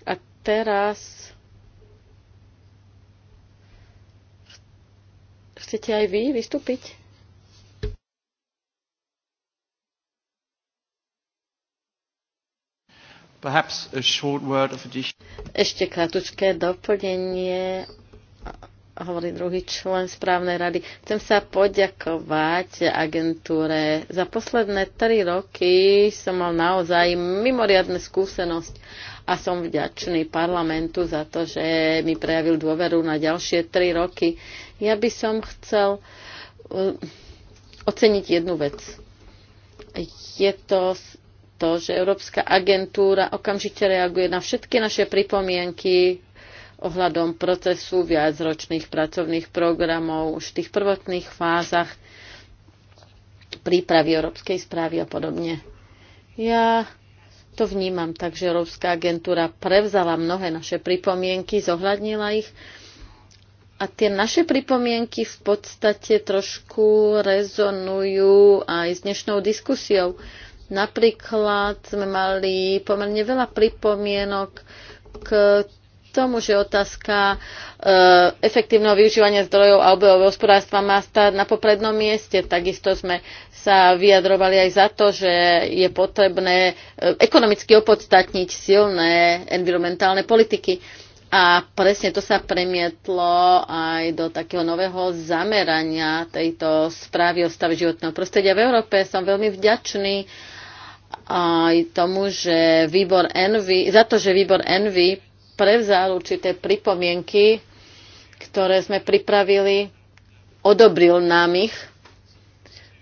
A teraz chcete aj vy vystúpiť? Ešte kratučké doplnenie hovorí druhý člen správnej rady. Chcem sa poďakovať agentúre. Za posledné tri roky som mal naozaj mimoriadne skúsenosť a som vďačný parlamentu za to, že mi prejavil dôveru na ďalšie tri roky. Ja by som chcel eh, oceniť jednu vec. Je to to, že Európska agentúra okamžite reaguje na všetky naše pripomienky ohľadom procesu viacročných pracovných programov už v tých prvotných fázach prípravy Európskej správy a podobne. Ja to vnímam tak, že Európska agentúra prevzala mnohé naše pripomienky, zohľadnila ich a tie naše pripomienky v podstate trošku rezonujú aj s dnešnou diskusiou. Napríklad sme mali pomerne veľa pripomienok k tomu, že otázka e, efektívneho využívania zdrojov a obehového hospodárstva má stáť na poprednom mieste. Takisto sme sa vyjadrovali aj za to, že je potrebné e, ekonomicky opodstatniť silné environmentálne politiky. A presne to sa premietlo aj do takého nového zamerania tejto správy o stave životného prostredia v Európe. Som veľmi vďačný aj tomu, že výbor Envy, za to, že výbor Envy prevzal určité pripomienky, ktoré sme pripravili, odobril nám ich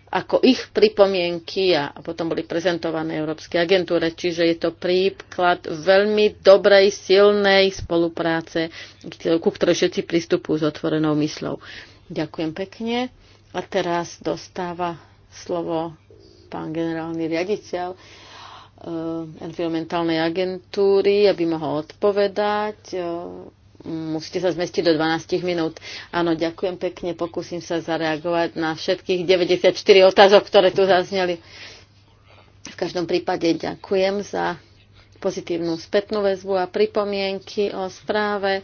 ako ich pripomienky a potom boli prezentované Európskej agentúre. Čiže je to príklad veľmi dobrej, silnej spolupráce, ku ktorej všetci pristupujú s otvorenou mysľou. Ďakujem pekne. A teraz dostáva slovo pán generálny riaditeľ eh, environmentálnej agentúry, aby mohol odpovedať. Eh, musíte sa zmestiť do 12 minút. Áno, ďakujem pekne, pokúsim sa zareagovať na všetkých 94 otázok, ktoré tu zazneli. V každom prípade ďakujem za pozitívnu spätnú väzbu a pripomienky o správe.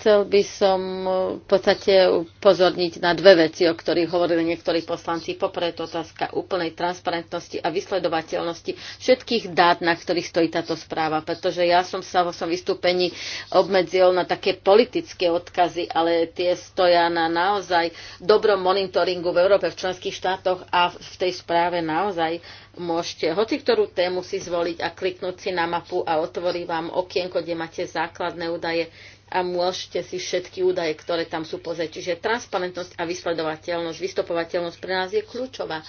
Chcel by som eh, v podstate upozorniť na dve veci, o ktorých hovorili niektorí poslanci. Poprvé to otázka úplnej transparentnosti a vysledovateľnosti všetkých dát, na ktorých stojí táto správa. Pretože ja som sa vo svojom vystúpení obmedzil na také politické odkazy, ale tie stoja na naozaj dobrom monitoringu v Európe, v členských štátoch a v tej správe naozaj môžete hoci ktorú tému si zvoliť a kliknúť si na mapu a otvorí vám okienko, kde máte základné údaje a môžete si všetky údaje, ktoré tam sú pozrieť. Čiže transparentnosť a vysledovateľnosť, vystopovateľnosť pre nás je kľúčová.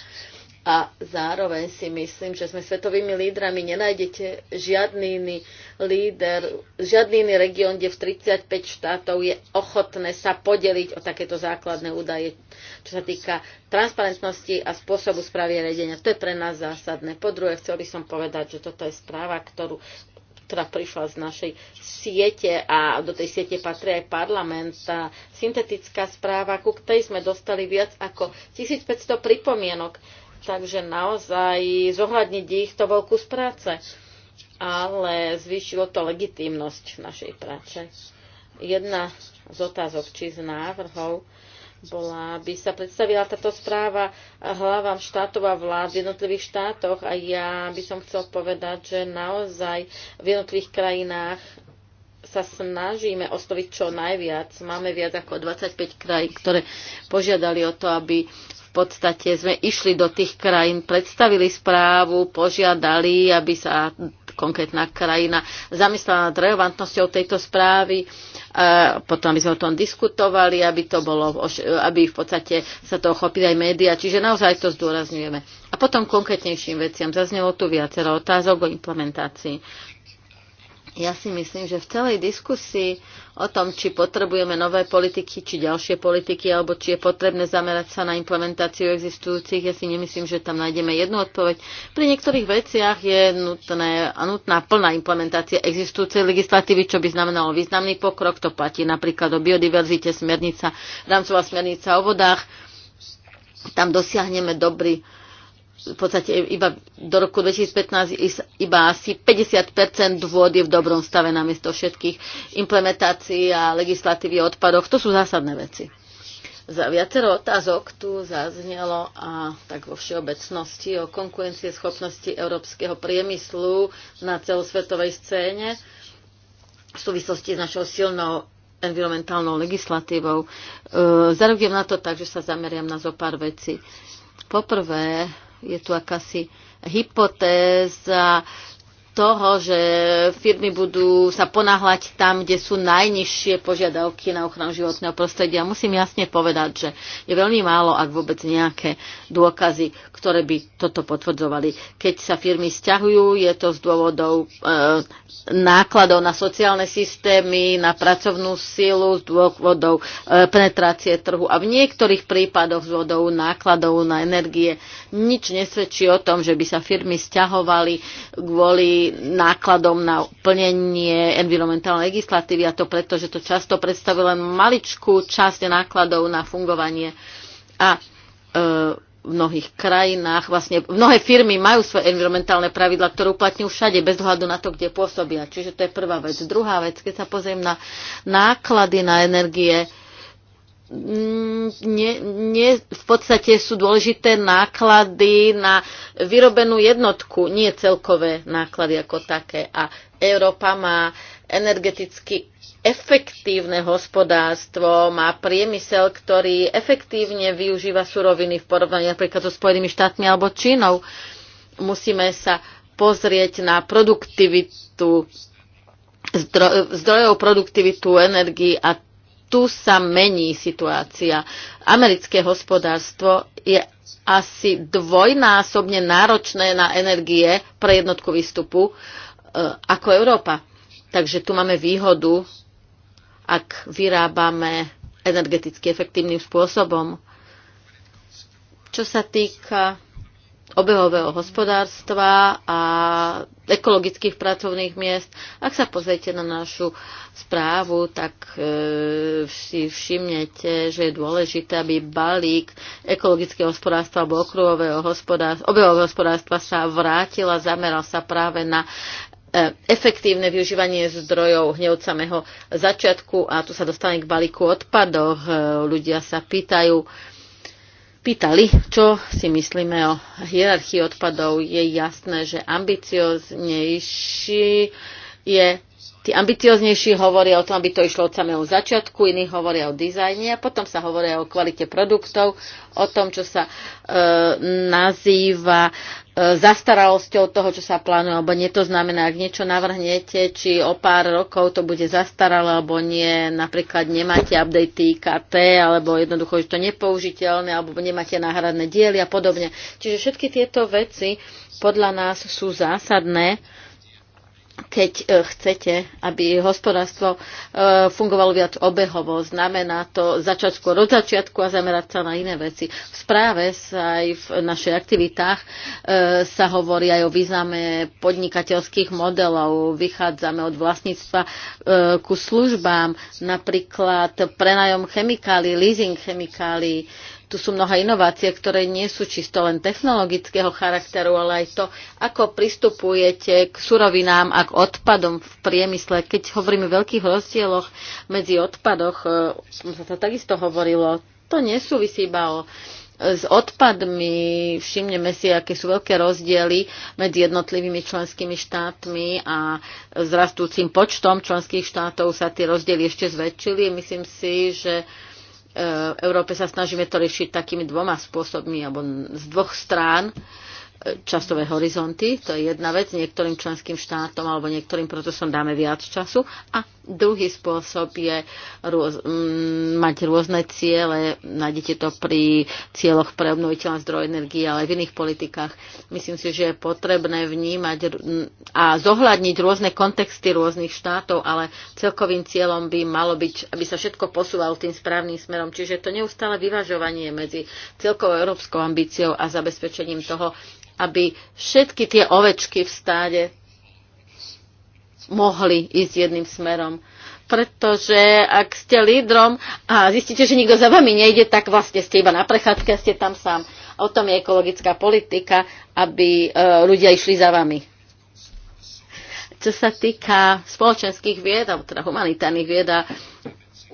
A zároveň si myslím, že sme svetovými lídrami. Nenájdete žiadny iný líder, žiadny iný región, kde v 35 štátov je ochotné sa podeliť o takéto základné údaje, čo sa týka transparentnosti a spôsobu správy riadenia. To je pre nás zásadné. Po druhé, chcel by som povedať, že toto je správa, ktorú ktorá teda prišla z našej siete a do tej siete patrí aj parlament. Tá syntetická správa, ku ktorej sme dostali viac ako 1500 pripomienok. Takže naozaj zohľadniť ich to bol kus práce, ale zvýšilo to legitímnosť našej práce. Jedna z otázok či z návrhov, bola, by sa predstavila táto správa hlavám štátov a vlád v jednotlivých štátoch a ja by som chcel povedať, že naozaj v jednotlivých krajinách sa snažíme osloviť čo najviac. Máme viac ako 25 krajín, ktoré požiadali o to, aby v podstate sme išli do tých krajín, predstavili správu, požiadali, aby sa konkrétna krajina zamyslela nad relevantnosťou tejto správy, potom aby sme o tom diskutovali, aby, to bolo, aby v podstate sa to chopili aj médiá, čiže naozaj to zdôrazňujeme. A potom konkrétnejším veciam. Zaznelo tu viacero otázok o implementácii. Ja si myslím, že v celej diskusii o tom, či potrebujeme nové politiky, či ďalšie politiky, alebo či je potrebné zamerať sa na implementáciu existujúcich, ja si nemyslím, že tam nájdeme jednu odpoveď. Pri niektorých veciach je nutné, nutná plná implementácia existujúcej legislatívy, čo by znamenalo významný pokrok. To platí napríklad o biodiverzite, smernica, rámcová smernica o vodách. Tam dosiahneme dobrý v podstate iba do roku 2015 iba asi 50 vôd je v dobrom stave namiesto všetkých implementácií a legislatívy o odpadoch. To sú zásadné veci. Za viacero otázok tu zaznelo a tak vo všeobecnosti o konkurencie schopnosti európskeho priemyslu na celosvetovej scéne v súvislosti s našou silnou environmentálnou legislatívou. E, na to tak, že sa zameriam na zo pár vecí. Poprvé, je tu akási hypotéza toho, že firmy budú sa ponáhľať tam, kde sú najnižšie požiadavky na ochranu životného prostredia. Musím jasne povedať, že je veľmi málo, ak vôbec nejaké dôkazy, ktoré by toto potvrdzovali. Keď sa firmy stiahujú, je to z dôvodov e, nákladov na sociálne systémy, na pracovnú silu, z dôvodov e, penetrácie trhu a v niektorých prípadoch z dôvodov nákladov na energie. Nič nesvedčí o tom, že by sa firmy stiahovali kvôli nákladom na plnenie environmentálnej legislatívy a to preto, že to často predstavuje len maličkú časť nákladov na fungovanie. A e, v mnohých krajinách, vlastne mnohé firmy majú svoje environmentálne pravidla, ktoré uplatňujú všade, bez ohľadu na to, kde pôsobia. Čiže to je prvá vec. Druhá vec, keď sa pozriem na náklady na energie, Mm, nie, nie, v podstate sú dôležité náklady na vyrobenú jednotku, nie celkové náklady ako také. A Európa má energeticky efektívne hospodárstvo, má priemysel, ktorý efektívne využíva suroviny v porovnaní napríklad so Spojenými štátmi alebo Čínou. Musíme sa pozrieť na produktivitu, zdrojov produktivitu energii a tu sa mení situácia. Americké hospodárstvo je asi dvojnásobne náročné na energie pre jednotku výstupu e, ako Európa. Takže tu máme výhodu, ak vyrábame energeticky efektívnym spôsobom. Čo sa týka obehového hospodárstva a ekologických pracovných miest. Ak sa pozriete na našu správu, tak e, si všimnete, že je dôležité, aby balík ekologického hospodárstva alebo okruhového hospodárstva, obehového hospodárstva sa vrátila, zameral sa práve na e, efektívne využívanie zdrojov hneď od samého začiatku a tu sa dostane k balíku odpadoch. E, ľudia sa pýtajú, pýtali, čo si myslíme o hierarchii odpadov, je jasné, že ambicioznejší je Tí ambicioznejší hovoria o tom, aby to išlo od samého začiatku, iní hovoria o dizajne a potom sa hovoria o kvalite produktov, o tom, čo sa e, nazýva e, zastaralosťou toho, čo sa plánuje, alebo nie to znamená, ak niečo navrhnete, či o pár rokov to bude zastaralé, alebo nie, napríklad nemáte update IKT, alebo jednoducho, že to nepoužiteľné, alebo nemáte náhradné diely a podobne. Čiže všetky tieto veci podľa nás sú zásadné, keď e, chcete, aby hospodárstvo e, fungovalo viac obehovo. Znamená to začať skôr od začiatku a zamerať sa na iné veci. V správe sa aj v našich aktivitách e, sa hovorí aj o význame podnikateľských modelov. Vychádzame od vlastníctva ku službám, napríklad prenajom chemikálií, leasing chemikálií tu sú mnohé inovácie, ktoré nie sú čisto len technologického charakteru, ale aj to, ako pristupujete k surovinám a k odpadom v priemysle. Keď hovoríme o veľkých rozdieloch medzi odpadoch, e, sa to takisto hovorilo, to nesúvisí iba o e, s odpadmi, všimneme si, aké sú veľké rozdiely medzi jednotlivými členskými štátmi a s rastúcim počtom členských štátov sa tie rozdiely ešte zväčšili. Myslím si, že uh, v Európe sa snažíme to riešiť takými dvoma spôsobmi, alebo z dvoch strán časové horizonty, to je jedna vec, niektorým členským štátom alebo niektorým procesom dáme viac času a druhý spôsob je rôz, m, mať rôzne ciele, nájdete to pri cieľoch pre obnoviteľné zdroje energie, ale aj v iných politikách. Myslím si, že je potrebné vnímať a zohľadniť rôzne kontexty rôznych štátov, ale celkovým cieľom by malo byť, aby sa všetko posúvalo tým správnym smerom. Čiže to neustále vyvažovanie medzi celkovou európskou ambíciou a zabezpečením toho, aby všetky tie ovečky v stáde mohli ísť jedným smerom. Pretože ak ste lídrom a zistíte, že nikto za vami nejde, tak vlastne ste iba na prechádzke ste tam sám. O tom je ekologická politika, aby e, ľudia išli za vami. Čo sa týka spoločenských vied, alebo teda humanitárnych vied a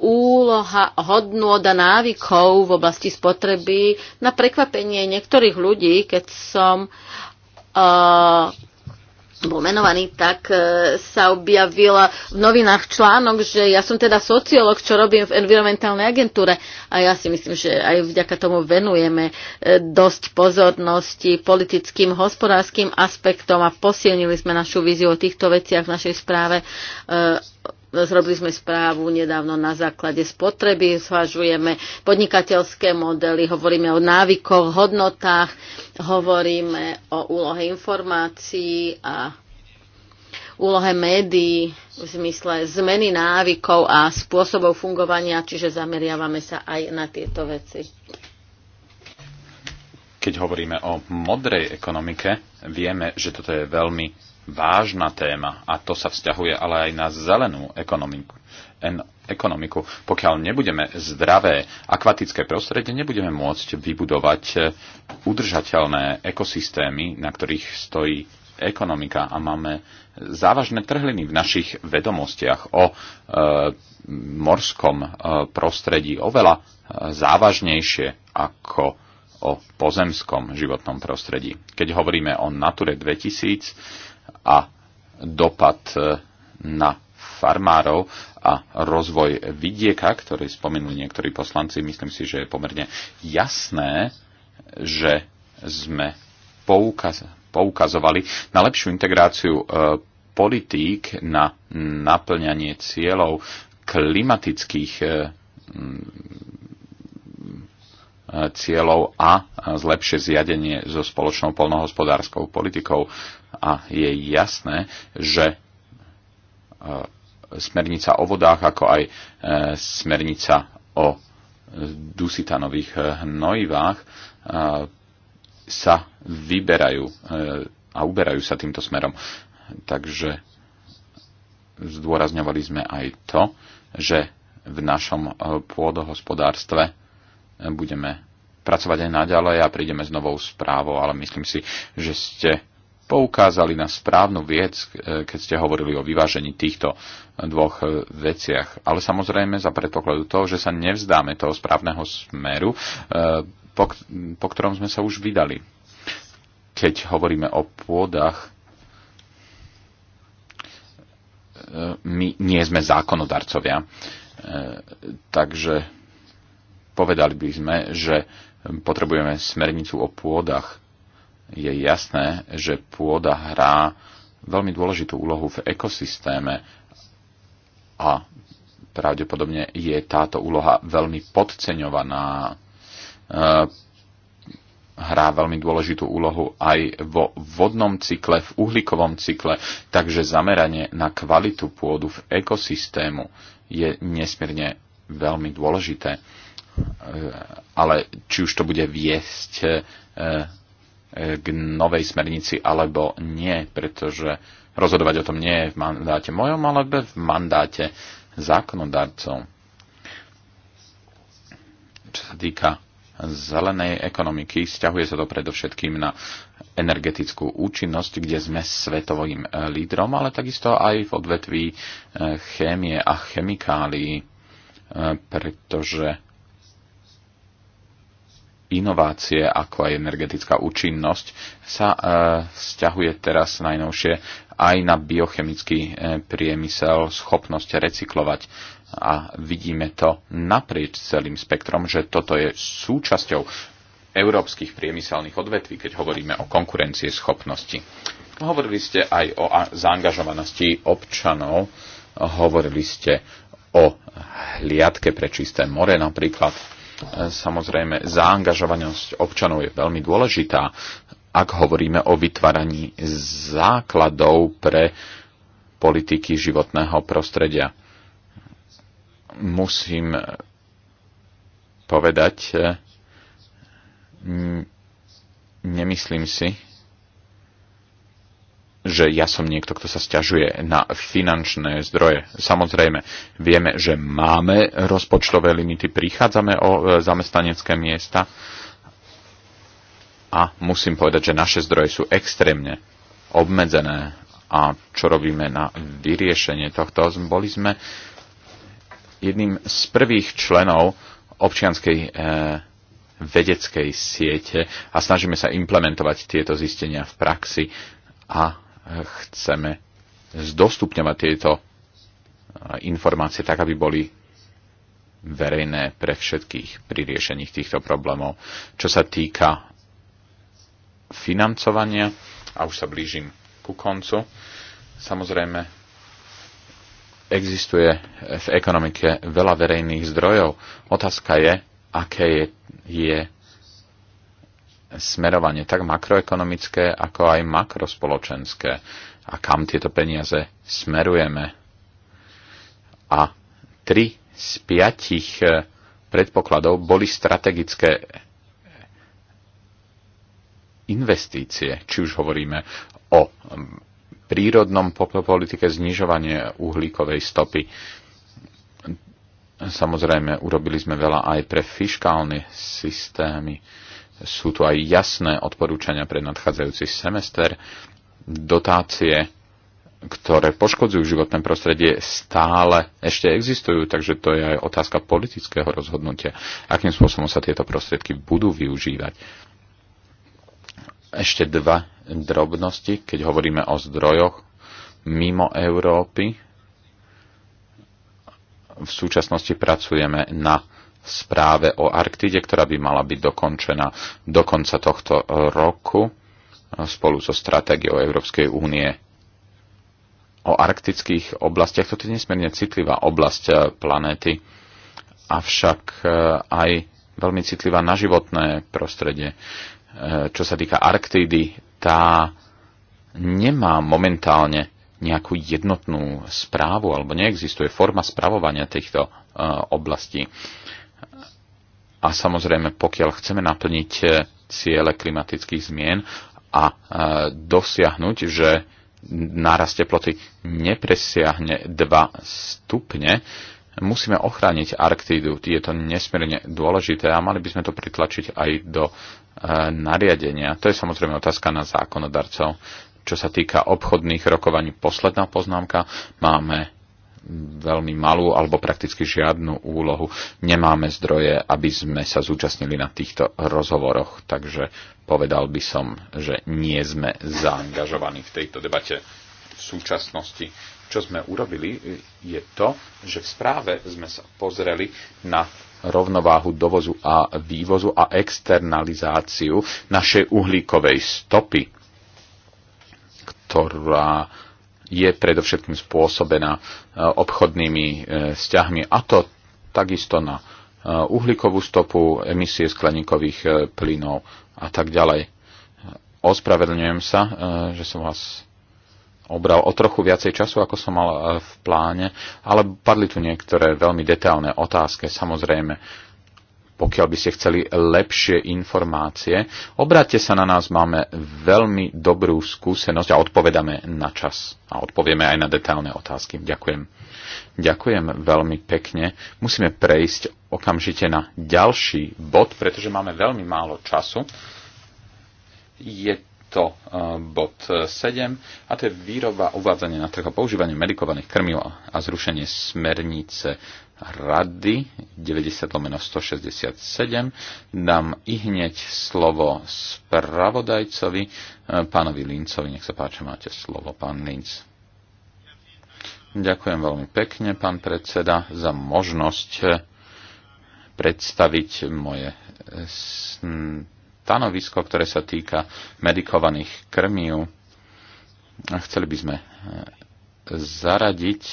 úloha hodnôt návykov v oblasti spotreby. Na prekvapenie niektorých ľudí, keď som uh, bol menovaný, tak uh, sa objavila v novinách článok, že ja som teda sociológ, čo robím v environmentálnej agentúre a ja si myslím, že aj vďaka tomu venujeme uh, dosť pozornosti politickým, hospodárskym aspektom a posilnili sme našu víziu o týchto veciach v našej správe. Uh, Zrobili sme správu nedávno na základe spotreby, zvažujeme podnikateľské modely, hovoríme o návykoch, hodnotách, hovoríme o úlohe informácií a úlohe médií v zmysle zmeny návykov a spôsobov fungovania, čiže zameriavame sa aj na tieto veci. Keď hovoríme o modrej ekonomike, vieme, že toto je veľmi vážna téma a to sa vzťahuje ale aj na zelenú ekonomiku. En, ekonomiku. Pokiaľ nebudeme zdravé akvatické prostredie, nebudeme môcť vybudovať e, udržateľné ekosystémy, na ktorých stojí ekonomika a máme závažné trhliny v našich vedomostiach o e, morskom e, prostredí oveľa e, závažnejšie ako o pozemskom životnom prostredí. Keď hovoríme o Nature 2000, a dopad e, na farmárov a rozvoj vidieka, ktorý spomenuli niektorí poslanci, myslím si, že je pomerne jasné, že sme poukaz- poukazovali na lepšiu integráciu e, politík na naplňanie cieľov klimatických e, cieľov a zlepšie zjadenie so spoločnou polnohospodárskou politikou. A je jasné, že e, smernica o vodách, ako aj e, smernica o dusitanových hnojivách e, sa vyberajú a uberajú sa týmto smerom. Takže zdôrazňovali sme aj to, že v našom pôdohospodárstve budeme pracovať aj naďalej a prídeme s novou správou, ale myslím si, že ste poukázali na správnu vec, e, keď ste hovorili o vyvážení týchto dvoch e, veciach. Ale samozrejme za predpokladu toho, že sa nevzdáme toho správneho smeru, e, po, po ktorom sme sa už vydali. Keď hovoríme o pôdach, my nie sme zákonodarcovia. Takže povedali by sme, že potrebujeme smernicu o pôdach. Je jasné, že pôda hrá veľmi dôležitú úlohu v ekosystéme a pravdepodobne je táto úloha veľmi podceňovaná. E, hrá veľmi dôležitú úlohu aj vo vodnom cykle, v uhlíkovom cykle, takže zameranie na kvalitu pôdu v ekosystému je nesmierne veľmi dôležité ale či už to bude viesť e, e, k novej smernici alebo nie, pretože rozhodovať o tom nie je v mandáte mojom, ale v mandáte zákonodarcov. Čo sa týka zelenej ekonomiky, vzťahuje sa to predovšetkým na energetickú účinnosť, kde sme svetovým e, lídrom, ale takisto aj v odvetví chémie a chemikálií, pretože inovácie, ako aj energetická účinnosť, sa e, vzťahuje teraz najnovšie aj na biochemický e, priemysel, schopnosť recyklovať. A vidíme to naprieč celým spektrom, že toto je súčasťou európskych priemyselných odvetví, keď hovoríme o konkurencie schopnosti. Hovorili ste aj o zaangažovanosti občanov, hovorili ste o hliadke pre čisté more napríklad Samozrejme, zaangažovanosť občanov je veľmi dôležitá, ak hovoríme o vytváraní základov pre politiky životného prostredia. Musím povedať, nemyslím si, že ja som niekto, kto sa stiažuje na finančné zdroje. Samozrejme, vieme, že máme rozpočtové limity, prichádzame o e, zamestnanecké miesta a musím povedať, že naše zdroje sú extrémne obmedzené a čo robíme na vyriešenie tohto. Boli sme jedným z prvých členov občianskej e, vedeckej siete a snažíme sa implementovať tieto zistenia v praxi a chceme zdostupňovať tieto informácie tak, aby boli verejné pre všetkých pri riešení týchto problémov. Čo sa týka financovania, a už sa blížim ku koncu, samozrejme existuje v ekonomike veľa verejných zdrojov. Otázka je, aké je, je smerovanie, tak makroekonomické, ako aj makrospoločenské. A kam tieto peniaze smerujeme. A tri z piatich eh, predpokladov boli strategické eh, investície, či už hovoríme o mm, prírodnom politike znižovanie uhlíkovej stopy. Samozrejme, urobili sme veľa aj pre fiškálne systémy sú tu aj jasné odporúčania pre nadchádzajúci semester. Dotácie, ktoré poškodzujú životné prostredie, stále ešte existujú, takže to je aj otázka politického rozhodnutia, akým spôsobom sa tieto prostriedky budú využívať. Ešte dva drobnosti, keď hovoríme o zdrojoch mimo Európy. V súčasnosti pracujeme na správe o Arktide, ktorá by mala byť dokončená do konca tohto e, roku e, spolu so stratégiou Európskej únie o arktických oblastiach. Toto je nesmierne citlivá oblasť e, planéty, avšak aj veľmi citlivá na životné prostredie. Čo sa týka Arktídy, tá nemá momentálne nejakú jednotnú správu alebo neexistuje forma správovania týchto oblastí. A samozrejme, pokiaľ chceme naplniť e, ciele klimatických zmien a e, dosiahnuť, že nárast teploty nepresiahne 2 stupne, musíme ochrániť Arktídu. Je to nesmierne dôležité a mali by sme to pritlačiť aj do e, nariadenia. To je samozrejme otázka na zákonodarcov. Čo sa týka obchodných rokovaní, posledná poznámka. Máme veľmi malú alebo prakticky žiadnu úlohu. Nemáme zdroje, aby sme sa zúčastnili na týchto rozhovoroch, takže povedal by som, že nie sme zaangažovaní v tejto debate v súčasnosti. Čo sme urobili, je to, že v správe sme sa pozreli na rovnováhu dovozu a vývozu a externalizáciu našej uhlíkovej stopy, ktorá je predovšetkým spôsobená e, obchodnými e, vzťahmi a to takisto na e, uhlíkovú stopu, emisie skleníkových plynov a tak ďalej. Ospravedlňujem sa, že som vás obral o trochu viacej času, ako som mal v pláne, ale padli tu niektoré veľmi detailné otázky. Samozrejme, pokiaľ by ste chceli lepšie informácie, obráťte sa na nás, máme veľmi dobrú skúsenosť a odpovedáme na čas a odpovieme aj na detailné otázky. Ďakujem. Ďakujem veľmi pekne. Musíme prejsť okamžite na ďalší bod, pretože máme veľmi málo času. Je to e, bod 7 a to je výroba, uvádzanie na trh a používanie medikovaných krmiv a zrušenie smernice rady 90 167. Dám i hneď slovo spravodajcovi, eh, pánovi Lincovi. Nech sa páči, máte slovo, pán Linc. Ďakujem veľmi pekne, pán predseda, za možnosť eh, predstaviť moje eh, stanovisko, ktoré sa týka medikovaných krmív. Chceli by sme zaradiť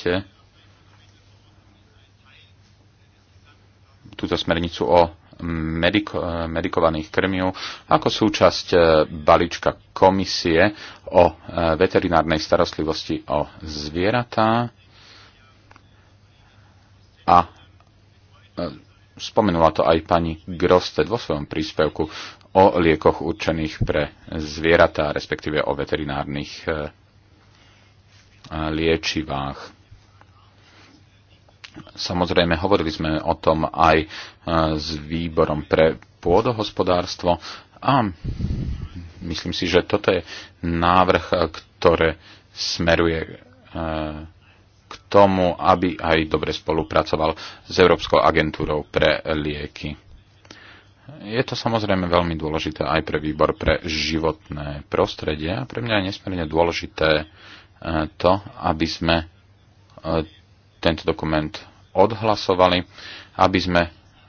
túto smernicu o mediko, medikovaných krmiu ako súčasť e, balíčka komisie o e, veterinárnej starostlivosti o zvieratá a e, spomenula to aj pani Grosted vo svojom príspevku o liekoch určených pre zvieratá, respektíve o veterinárnych liečivách. Samozrejme, hovorili sme o tom aj e, s výborom pre pôdohospodárstvo a myslím si, že toto je návrh, ktoré smeruje e, k tomu, aby aj dobre spolupracoval s Európskou agentúrou pre lieky. Je to samozrejme veľmi dôležité aj pre výbor pre životné prostredie a pre mňa je nesmierne dôležité e, to, aby sme tento dokument odhlasovali, aby sme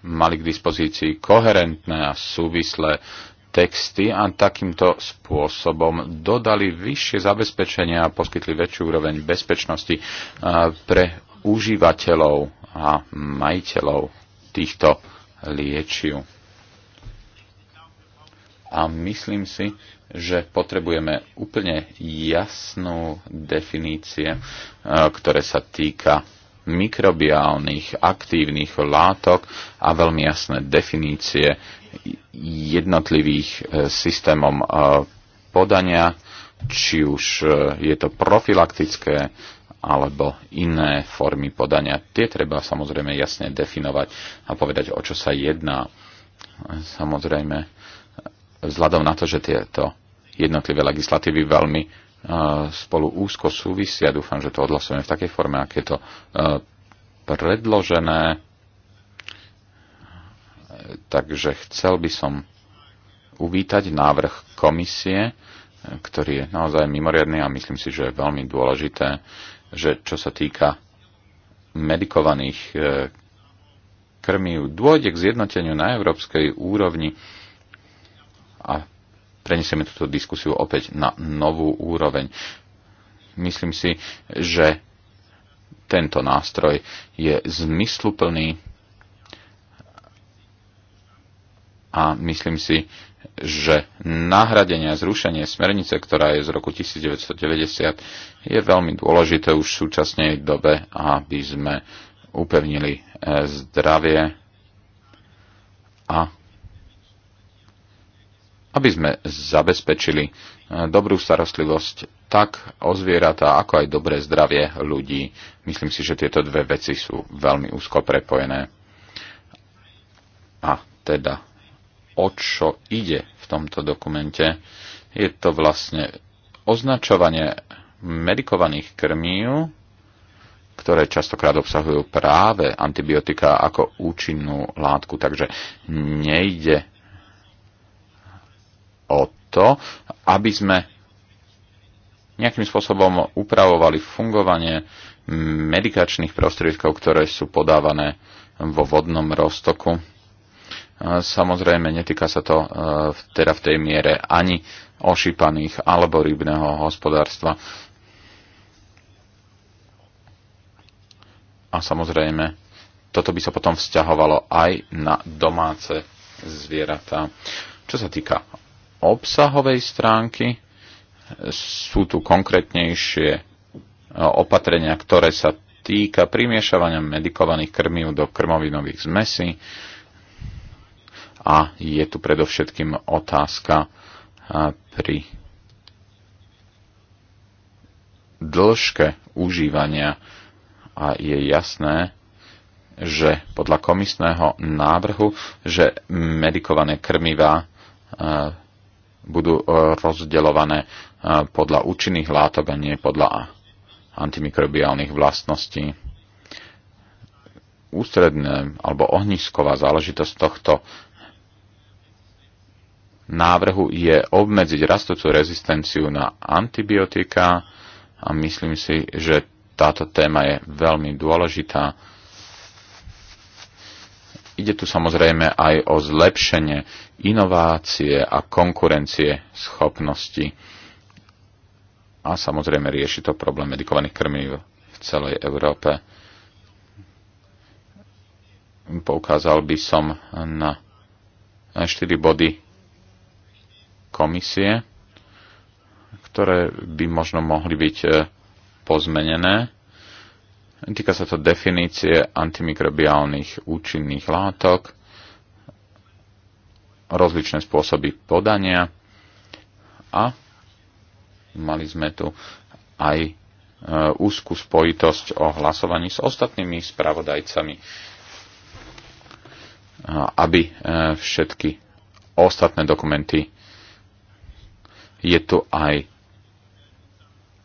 mali k dispozícii koherentné a súvislé texty a takýmto spôsobom dodali vyššie zabezpečenia a poskytli väčšiu úroveň bezpečnosti eh, pre užívateľov a majiteľov týchto liečiv. A myslím si, že potrebujeme úplne jasnú definície, eh, ktoré sa týka mikrobiálnych aktívnych látok a veľmi jasné definície jednotlivých e, systémom e, podania, či už e, je to profilaktické alebo iné formy podania. Tie treba samozrejme jasne definovať a povedať, o čo sa jedná. Samozrejme, vzhľadom na to, že tieto jednotlivé legislatívy veľmi spolu úzko súvisia. Dúfam, že to odhlasujeme v takej forme, aké je to e, predložené. Takže chcel by som uvítať návrh komisie, ktorý je naozaj mimoriadný a myslím si, že je veľmi dôležité, že čo sa týka medikovaných e, krmív, dôjde k zjednoteniu na európskej úrovni a prenesieme túto diskusiu opäť na novú úroveň. Myslím si, že tento nástroj je zmysluplný a myslím si, že nahradenie a zrušenie smernice, ktorá je z roku 1990, je veľmi dôležité už v súčasnej dobe, aby sme upevnili eh, zdravie a aby sme zabezpečili eh, dobrú starostlivosť tak o zvieratá, ako aj dobré zdravie ľudí. Myslím si, že tieto dve veci sú veľmi úzko prepojené. A teda, o čo ide v tomto dokumente? Je to vlastne označovanie medikovaných krmív, ktoré častokrát obsahujú práve antibiotika ako účinnú látku. Takže nejde o to, aby sme nejakým spôsobom upravovali fungovanie medikačných prostriedkov, ktoré sú podávané vo vodnom roztoku. Samozrejme, netýka sa to e, teda v tej miere ani ošípaných alebo rybného hospodárstva. A samozrejme, toto by sa potom vzťahovalo aj na domáce zvieratá. Čo sa týka obsahovej stránky sú tu konkrétnejšie e, opatrenia, ktoré sa týka primiešavania medikovaných krmív do krmovinových zmesí a je tu predovšetkým otázka e, pri dĺžke užívania a je jasné, že podľa komisného návrhu, že medikované krmivá e, budú e, rozdeľované e, podľa účinných látok a nie podľa antimikrobiálnych vlastností. Ústredné alebo ohnisková záležitosť tohto návrhu je obmedziť rastúcu rezistenciu na antibiotika a myslím si, že táto téma je veľmi dôležitá Ide tu samozrejme aj o zlepšenie inovácie a konkurencie schopnosti a samozrejme rieši to problém medikovaných krmív v celej Európe. Poukázal by som na 4 body komisie, ktoré by možno mohli byť e, pozmenené Týka sa to definície antimikrobiálnych účinných látok, rozličné spôsoby podania a mali sme tu aj e, úzkú spojitosť o hlasovaní s ostatnými spravodajcami, e, aby e, všetky ostatné dokumenty je tu aj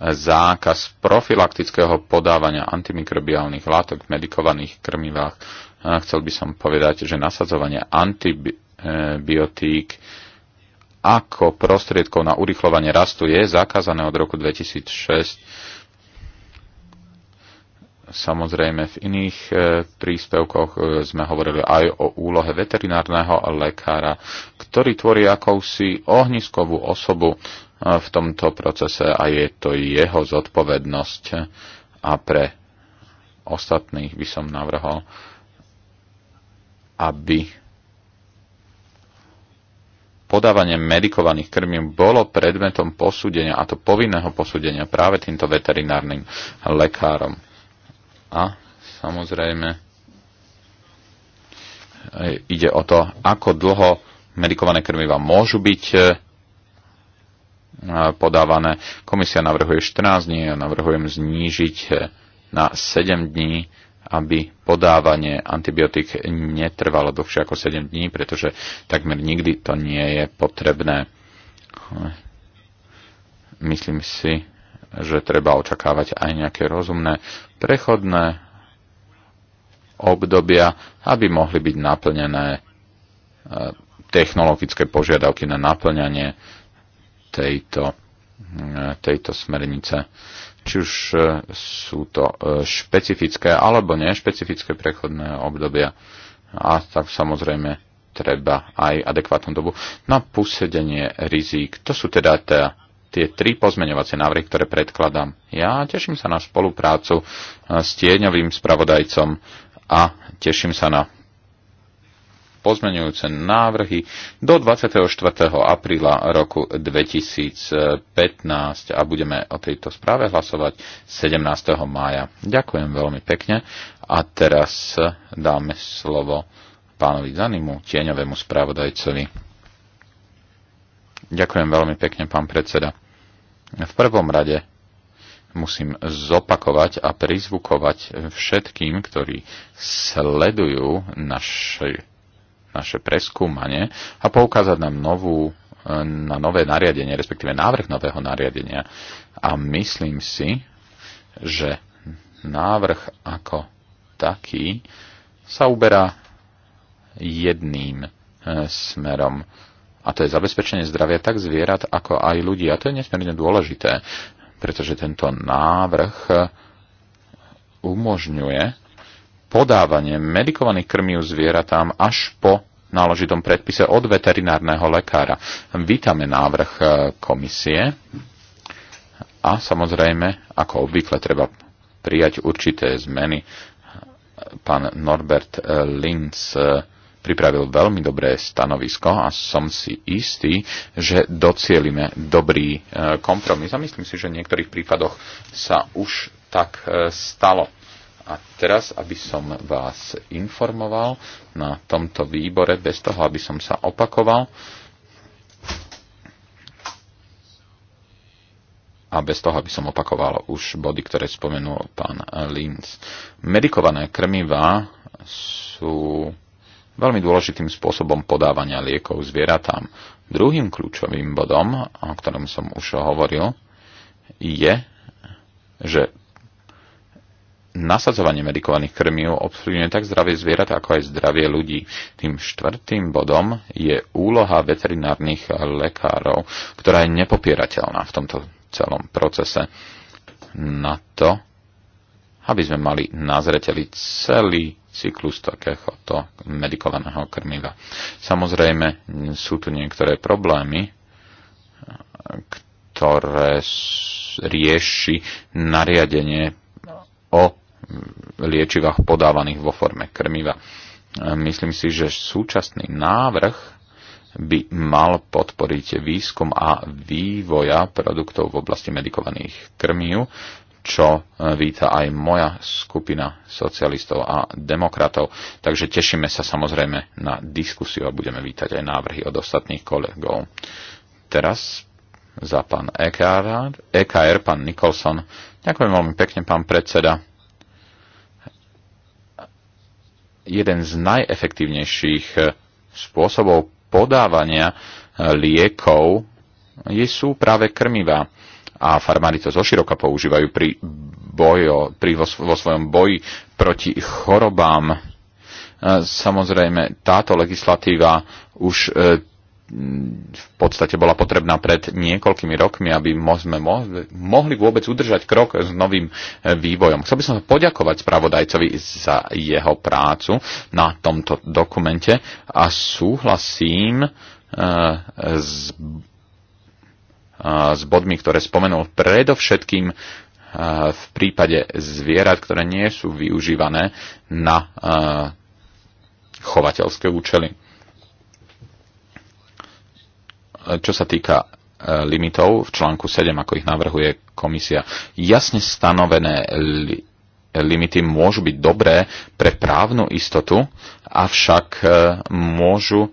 zákaz profilaktického podávania antimikrobiálnych látok v medikovaných krmivách. Chcel by som povedať, že nasadzovanie antibiotík ako prostriedkov na urychľovanie rastu je zakázané od roku 2006. Samozrejme, v iných e, príspevkoch e, sme hovorili aj o úlohe veterinárneho lekára, ktorý tvorí akousi ohniskovú osobu v tomto procese a je to jeho zodpovednosť a pre ostatných by som navrhol, aby podávanie medikovaných krmiv bolo predmetom posúdenia, a to povinného posúdenia práve týmto veterinárnym lekárom. A samozrejme e, ide o to, ako dlho medikované krmiva môžu byť e, podávané. Komisia navrhuje 14 dní, ja navrhujem znížiť na 7 dní, aby podávanie antibiotík netrvalo dlhšie ako 7 dní, pretože takmer nikdy to nie je potrebné. Myslím si, že treba očakávať aj nejaké rozumné prechodné obdobia, aby mohli byť naplnené eh, technologické požiadavky na naplňanie tejto, tejto smernice. Či už e, sú to e, špecifické alebo nešpecifické prechodné obdobia. A tak samozrejme treba aj adekvátnu dobu na púsedenie rizík. To sú teda tá, tie tri pozmeňovacie návrhy, ktoré predkladám. Ja teším sa na spoluprácu e, s tieňovým spravodajcom a teším sa na pozmenujúce návrhy do 24. apríla roku 2015 a budeme o tejto správe hlasovať 17. mája. Ďakujem veľmi pekne a teraz dáme slovo pánovi Zanimu, tieňovému správodajcovi. Ďakujem veľmi pekne, pán predseda. V prvom rade musím zopakovať a prizvukovať všetkým, ktorí sledujú naše naše preskúmanie a poukázať nám novú, e, na nové nariadenie, respektíve návrh nového nariadenia. A myslím si, že návrh ako taký sa uberá jedným e, smerom. A to je zabezpečenie zdravia tak zvierat, ako aj ľudí. A to je nesmierne dôležité, pretože tento návrh e, umožňuje podávanie medikovaných krmív zvieratám až po náležitom predpise od veterinárneho lekára. Vítame návrh e, komisie a samozrejme, ako obvykle, treba prijať určité zmeny. Pán Norbert e, Linz e, pripravil veľmi dobré stanovisko a som si istý, že docielime dobrý kompromis. A myslím si, že v niektorých prípadoch sa už tak stalo a teraz, aby som vás informoval na tomto výbore, bez toho, aby som sa opakoval, a bez toho, aby som opakoval už body, ktoré spomenul pán Linz. Medikované krmivá sú veľmi dôležitým spôsobom podávania liekov zvieratám. Druhým kľúčovým bodom, o ktorom som už hovoril, je, že nasadzovanie medikovaných krmiv obsluhuje tak zdravie zvierat, ako aj zdravie ľudí. Tým štvrtým bodom je úloha veterinárnych lekárov, ktorá je nepopierateľná v tomto celom procese na to, aby sme mali na zreteli celý cyklus takéhoto medikovaného krmiva. Samozrejme, sú tu niektoré problémy, ktoré rieši nariadenie o liečivách podávaných vo forme krmiva. Myslím si, že súčasný návrh by mal podporiť výskum a vývoja produktov v oblasti medikovaných krmív, čo víta aj moja skupina socialistov a demokratov. Takže tešíme sa samozrejme na diskusiu a budeme vítať aj návrhy od ostatných kolegov. Teraz za pán EKR, EKR pán Nicholson, Ďakujem veľmi pekne, pán predseda. jeden z najefektívnejších eh, spôsobov podávania eh, liekov je sú práve krmivá. A farmári to zoširoka používajú pri, bojo, pri vo, vo svojom boji proti chorobám. Eh, samozrejme, táto legislatíva už v podstate bola potrebná pred niekoľkými rokmi, aby sme mohli vôbec udržať krok s novým e, vývojom. Chcel by som poďakovať spravodajcovi za jeho prácu na tomto dokumente a súhlasím e, s, e, s bodmi, ktoré spomenul predovšetkým v prípade zvierat, ktoré nie sú využívané na chovateľské účely E, čo sa týka e, limitov v článku 7, ako ich navrhuje komisia, jasne stanovené li- limity môžu byť dobré pre právnu istotu, avšak e, môžu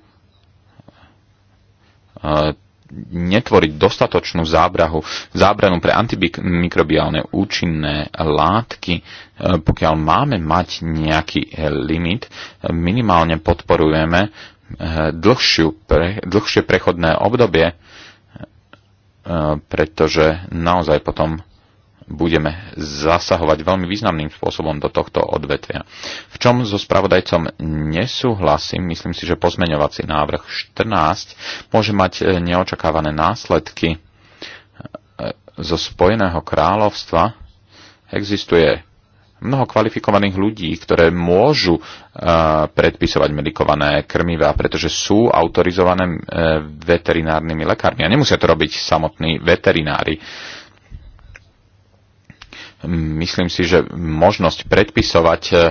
netvoriť dostatočnú zábrahu, zábranu pre antimikrobiálne účinné látky. Pokiaľ máme mať nejaký limit, minimálne podporujeme Eh, pre, dlhšie prechodné obdobie, eh, pretože naozaj potom budeme zasahovať veľmi významným spôsobom do tohto odvetvia. V čom so spravodajcom nesúhlasím, myslím si, že pozmeňovací návrh 14 môže mať eh, neočakávané následky zo Spojeného kráľovstva. Existuje mnoho kvalifikovaných ľudí, ktoré môžu eh, predpisovať medikované krmivá, pretože sú autorizované eh, veterinárnymi lekármi. A nemusia to robiť samotní veterinári. Myslím si, že možnosť predpisovať eh,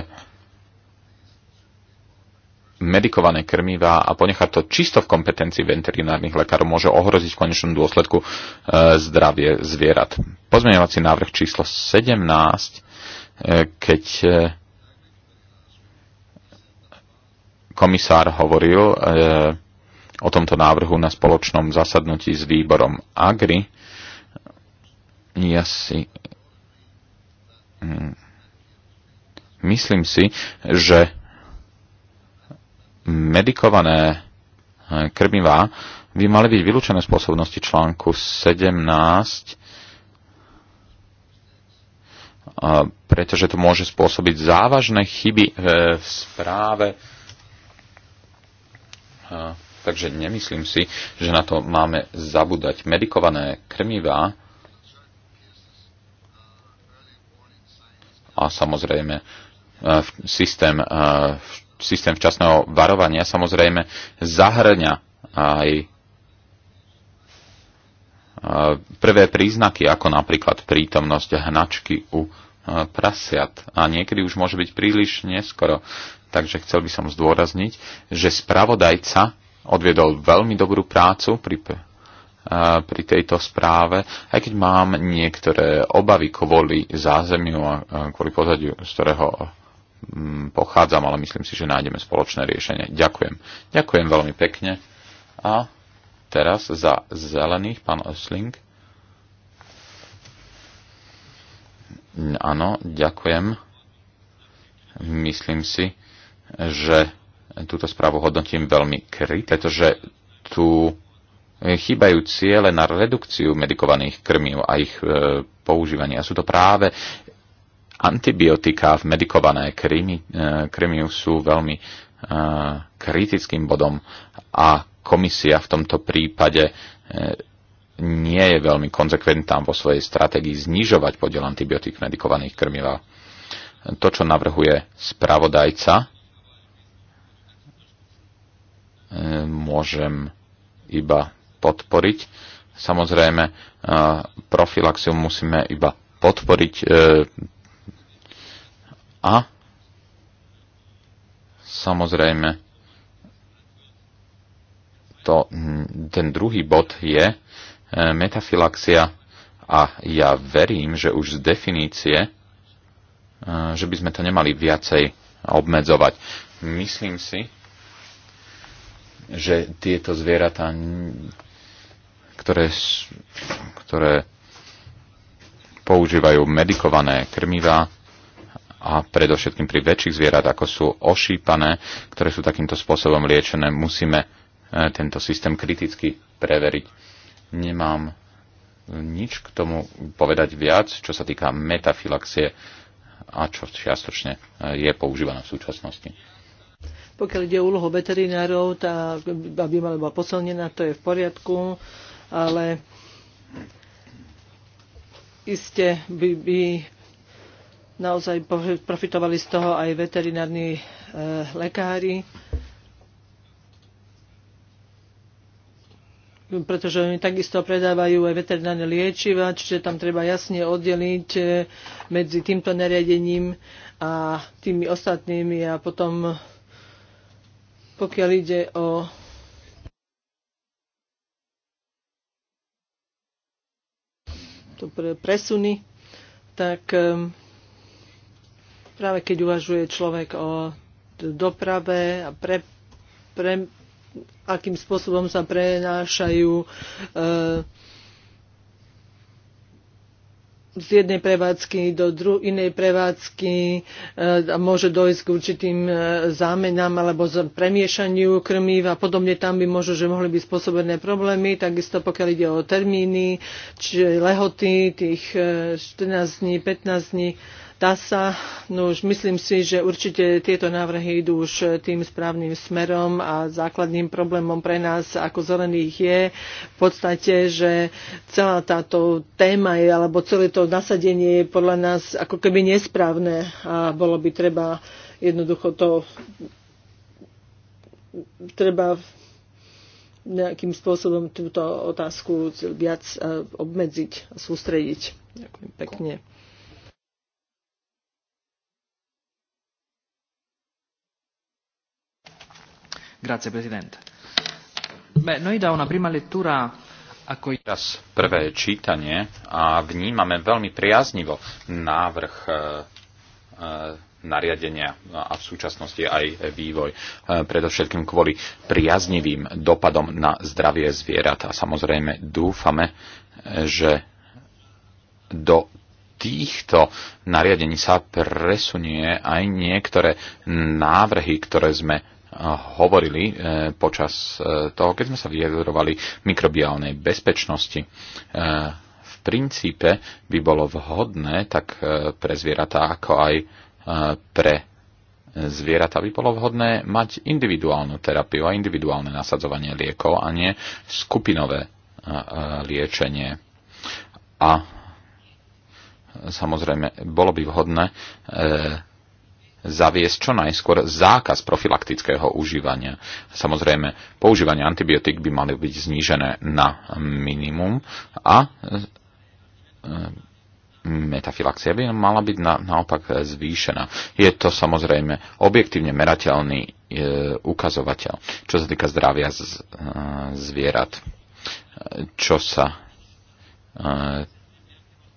medikované krmivá a ponechať to čisto v kompetencii veterinárnych lekárov môže ohroziť v konečnom dôsledku zdravie zvierat. Pozmeňovací návrh číslo 17 E, keď e, komisár hovoril e, o tomto návrhu na spoločnom zasadnutí s výborom AGRI, ja si mm, myslím si, že medikované krmivá by mali byť vylúčené z pôsobnosti článku 17 pretože to môže spôsobiť závažné chyby e, v správe. Takže nemyslím si, že na to máme zabúdať. Medikované krmivá a samozrejme e, systém, e, systém včasného varovania samozrejme zahrňa aj prvé príznaky, ako napríklad prítomnosť hnačky u prasiat a niekedy už môže byť príliš neskoro. Takže chcel by som zdôrazniť, že spravodajca odviedol veľmi dobrú prácu pri, pri tejto správe, aj keď mám niektoré obavy kvôli zázemiu a kvôli pozadiu, z ktorého mm, pochádzam, ale myslím si, že nájdeme spoločné riešenie. Ďakujem. Ďakujem veľmi pekne. A teraz za zelených, pán Osling. Áno, ďakujem. Myslím si, že túto správu hodnotím veľmi kryt, pretože tu chýbajú ciele na redukciu medikovaných krmív a ich e, používania. Sú to práve antibiotika v medikované krmi, e, krmiv sú veľmi e, kritickým bodom a komisia v tomto prípade e, nie je veľmi konzekventná vo svojej stratégii znižovať podiel antibiotík v medikovaných krmivách. To, čo navrhuje spravodajca, e, môžem iba podporiť. Samozrejme, e, profilaxiu musíme iba podporiť e, a samozrejme to, ten druhý bod je, E, metafilaxia a ja verím, že už z definície, e, že by sme to nemali viacej obmedzovať. Myslím si, že tieto zvieratá, ktoré, ktoré používajú medikované krmivá a predovšetkým pri väčších zvierat, ako sú ošípané, ktoré sú takýmto spôsobom liečené, musíme e, tento systém kriticky preveriť nemám nič k tomu povedať viac, čo sa týka metafilaxie a čo čiastočne eh, je používaná v súčasnosti. Pokiaľ ide o úlohu veterinárov, tá, aby mala bola posilnená, to je v poriadku, ale iste by, by naozaj profitovali z toho aj veterinárni e, lekári. pretože oni takisto predávajú aj veterinárne liečiva, čiže tam treba jasne oddeliť e, medzi týmto nariadením a tými ostatnými a potom pokiaľ ide o to pre presuny, tak e, práve keď uvažuje človek o doprave a pre, pre, akým spôsobom sa prenášajú e, z jednej prevádzky do dru- inej prevádzky eh, a môže dojsť k určitým eh, zámenám alebo premiešaniu krmív a podobne tam by možno, že mohli byť spôsobené problémy. Takisto pokiaľ ide o termíny, či lehoty tých 14 dní, 15 dní Dá sa, no už myslím si, že určite tieto návrhy idú už tým správnym smerom a základným problémom pre nás ako zelených je v podstate, že celá táto téma je, alebo celé to nasadenie je podľa nás ako keby nesprávne a bolo by treba jednoducho to treba nejakým spôsobom túto otázku viac e, obmedziť a sústrediť. Ďakujem pekne. Grazie Presidente. Beh, noi da una prima lettura ako... Teraz prvé čítanie a vnímame veľmi priaznivo návrh e, e, nariadenia a v súčasnosti aj vývoj, e, predovšetkým kvôli priaznivým dopadom na zdravie zvierat. A samozrejme dúfame, že do týchto nariadení sa presunie aj niektoré návrhy, ktoré sme hovorili e, počas e, toho, keď sme sa vyjadrovali mikrobiálnej bezpečnosti. E, v princípe by bolo vhodné tak pre zvieratá, ako aj pre zvieratá by bolo vhodné mať individuálnu terapiu a individuálne nasadzovanie liekov a nie skupinové liečenie. A samozrejme, bolo by vhodné zaviesť čo najskôr zákaz profilaktického užívania. Samozrejme, používanie antibiotík by malo byť znížené na minimum a e, metafilaxia by mala byť na, naopak zvýšená. Je to samozrejme objektívne merateľný e, ukazovateľ, čo sa týka zdravia z, e, zvierat, čo sa e,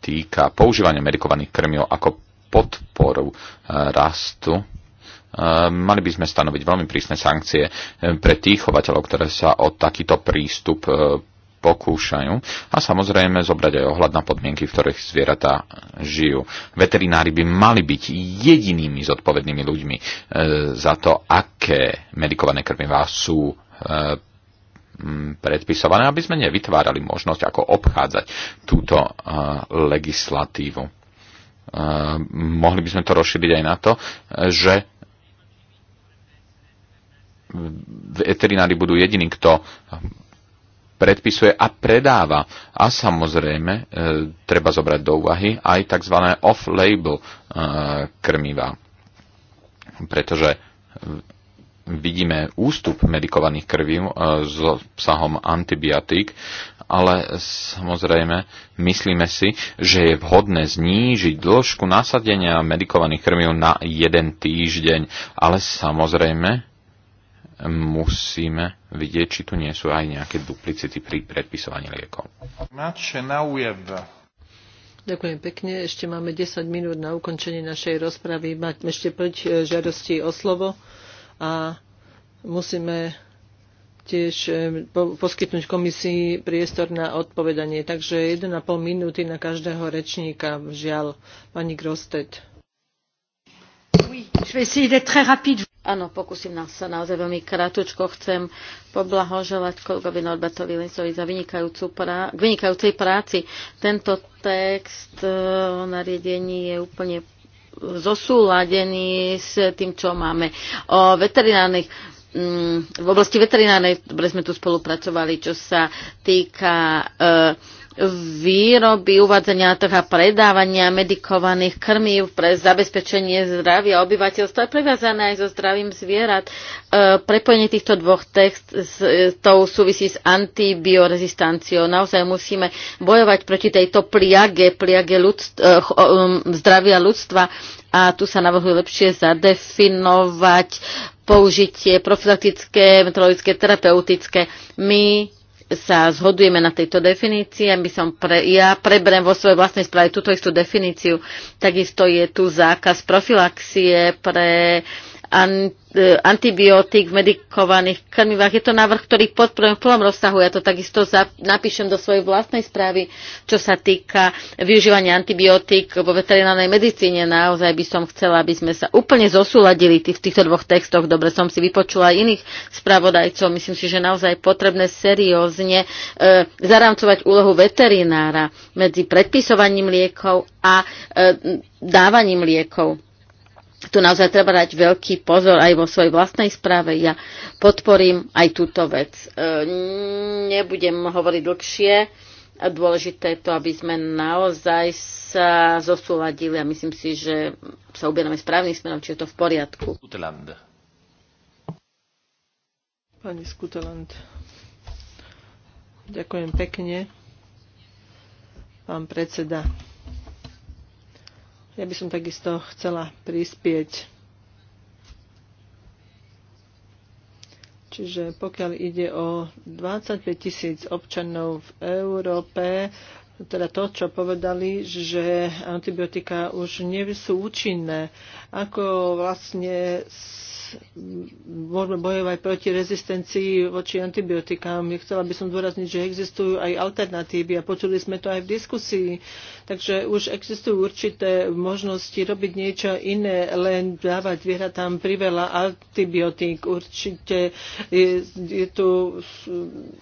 týka používania medikovaných krmiov ako podporu eh, rastu eh, mali by sme stanoviť veľmi prísne sankcie eh, pre tých chovateľov, ktoré sa o takýto prístup pokúšajú a samozrejme zobrať aj ohľad na podmienky, v ktorých zvieratá žijú. Veterinári by mali byť jedinými zodpovednými ľuďmi za to, aké medikované krmivá sú predpisované, aby sme nevytvárali možnosť, ako obchádzať túto legislatívu Eh, mohli by sme to rozšíriť aj na to, že veterinári budú jediní, kto predpisuje a predáva. A samozrejme, e, treba zobrať do úvahy aj tzv. off-label e, krmiva. Pretože vidíme ústup medikovaných krvív e, s obsahom antibiotík ale samozrejme myslíme si, že je vhodné znížiť dĺžku nasadenia medikovaných krmiv na jeden týždeň, ale samozrejme musíme vidieť, či tu nie sú aj nejaké duplicity pri predpisovaní liekov. Ďakujem pekne. Ešte máme 10 minút na ukončenie našej rozpravy. Máme ešte 5 žiadostí o slovo a musíme tiež e, poskytnúť komisii priestor na odpovedanie. Takže 1,5 minúty na každého rečníka. Žiaľ, pani Grostet. Áno, pokúsim nás sa naozaj veľmi krátko. Chcem poblahoželať kolegovi Norbertovi Lincovi za vynikajúcu prá- k vynikajúcej práci. Tento text o e, nariadení je úplne zosúladený s tým, čo máme o veterinárnych Mm, v oblasti veterinárnej, dobre sme tu spolupracovali, čo sa týka e, výroby, uvádzania na trh a predávania medikovaných krmív pre zabezpečenie zdravia obyvateľstva je previazané aj so zdravím zvierat. E, prepojenie týchto dvoch textov e, súvisí s antibiorezistanciou. Naozaj musíme bojovať proti tejto pliage, pliage ľudst- zdravia ľudstva a tu sa navrhuje lepšie zadefinovať použitie profilaktické, metrologické, terapeutické. My sa zhodujeme na tejto definícii, my som pre, ja preberem vo svojej vlastnej správe túto istú definíciu. Takisto je tu zákaz profilaxie pre uh, E, antibiotík v medikovaných krmivách. Je to návrh, ktorý podporujem v plnom rozsahu. Ja to takisto napíšem do svojej vlastnej správy, čo sa týka využívania antibiotík vo veterinárnej medicíne. Naozaj by som chcela, aby sme sa úplne zosúladili v týchto dvoch textoch. Dobre, som si vypočula aj iných spravodajcov. Myslím si, že naozaj je potrebné seriózne e, zaramcovať úlohu veterinára medzi predpisovaním liekov a e, dávaním liekov tu naozaj treba dať veľký pozor aj vo svojej vlastnej správe. Ja podporím aj túto vec. E, nebudem hovoriť dlhšie. Dôležité je to, aby sme naozaj sa zosúladili a myslím si, že sa ubierame správnym smerom, či je to v poriadku. Skuteland. Pani Skuteland, ďakujem pekne. Pán predseda. Ja by som takisto chcela prispieť. Čiže pokiaľ ide o 25 tisíc občanov v Európe, teda to, čo povedali, že antibiotika už nie sú účinné. Ako vlastne môžeme bojovať proti rezistencii voči antibiotikám. Chcela by som dôrazniť, že existujú aj alternatívy a počuli sme to aj v diskusii. Takže už existujú určité možnosti robiť niečo iné, len dávať tam priveľa antibiotík. Určite je, je tu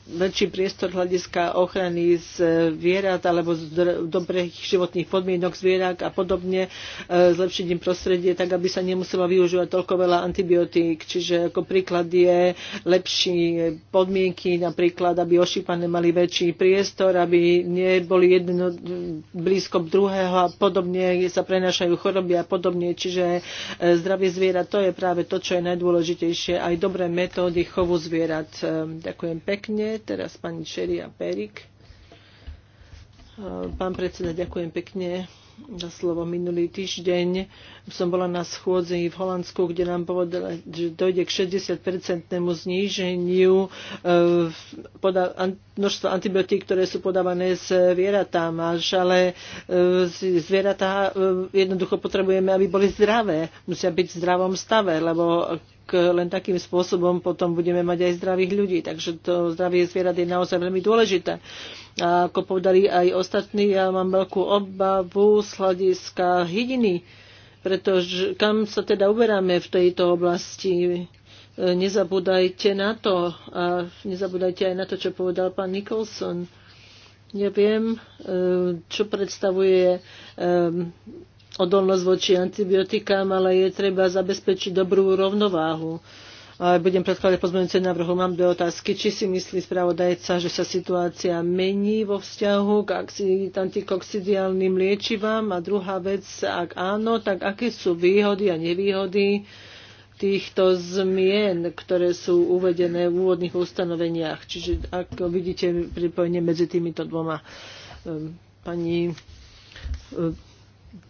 väčší priestor hľadiska ochrany zvierat alebo z dobrých životných podmienok zvierat a podobne, e, zlepšiť im prostredie tak, aby sa nemusela využívať toľko veľa antibiotík antibiotík. Čiže ako príklad je lepší podmienky, napríklad, aby ošípané mali väčší priestor, aby neboli jedno blízko druhého a podobne, kde sa prenášajú choroby a podobne. Čiže e, zdravie zvierat, to je práve to, čo je najdôležitejšie. Aj dobré metódy chovu zvierat. E, ďakujem pekne. Teraz pani Šeria Perik. E, pán predseda, ďakujem pekne. Na slovo. Minulý týždeň som bola na schôdzi v Holandsku, kde nám povedala, že dojde k 60-percentnému zníženiu e, množstva antibiotík, ktoré sú podávané zvieratám. Až, ale e, zvieratá e, jednoducho potrebujeme, aby boli zdravé. Musia byť v zdravom stave, lebo Eh, len takým spôsobom potom budeme mať aj zdravých ľudí. Takže to zdravie zvierat je naozaj veľmi dôležité. A ako povedali aj ostatní, ja mám veľkú obavu z hľadiska hydiny, pretože kam sa teda uberáme v tejto oblasti? Eh, nezabúdajte na to a nezabúdajte aj na to, čo povedal pán Nicholson. Neviem, viem, eh, čo predstavuje odolnosť voči antibiotikám, ale je treba zabezpečiť dobrú rovnováhu. budem predkladať pozmeňujúce návrhu. Mám dve otázky. Či si myslí spravodajca, že sa situácia mení vo vzťahu k antikoxidiálnym liečivám? A druhá vec, ak áno, tak aké sú výhody a nevýhody týchto zmien, ktoré sú uvedené v úvodných ustanoveniach. Čiže ako vidíte pripojenie medzi týmito dvoma. Ehm, pani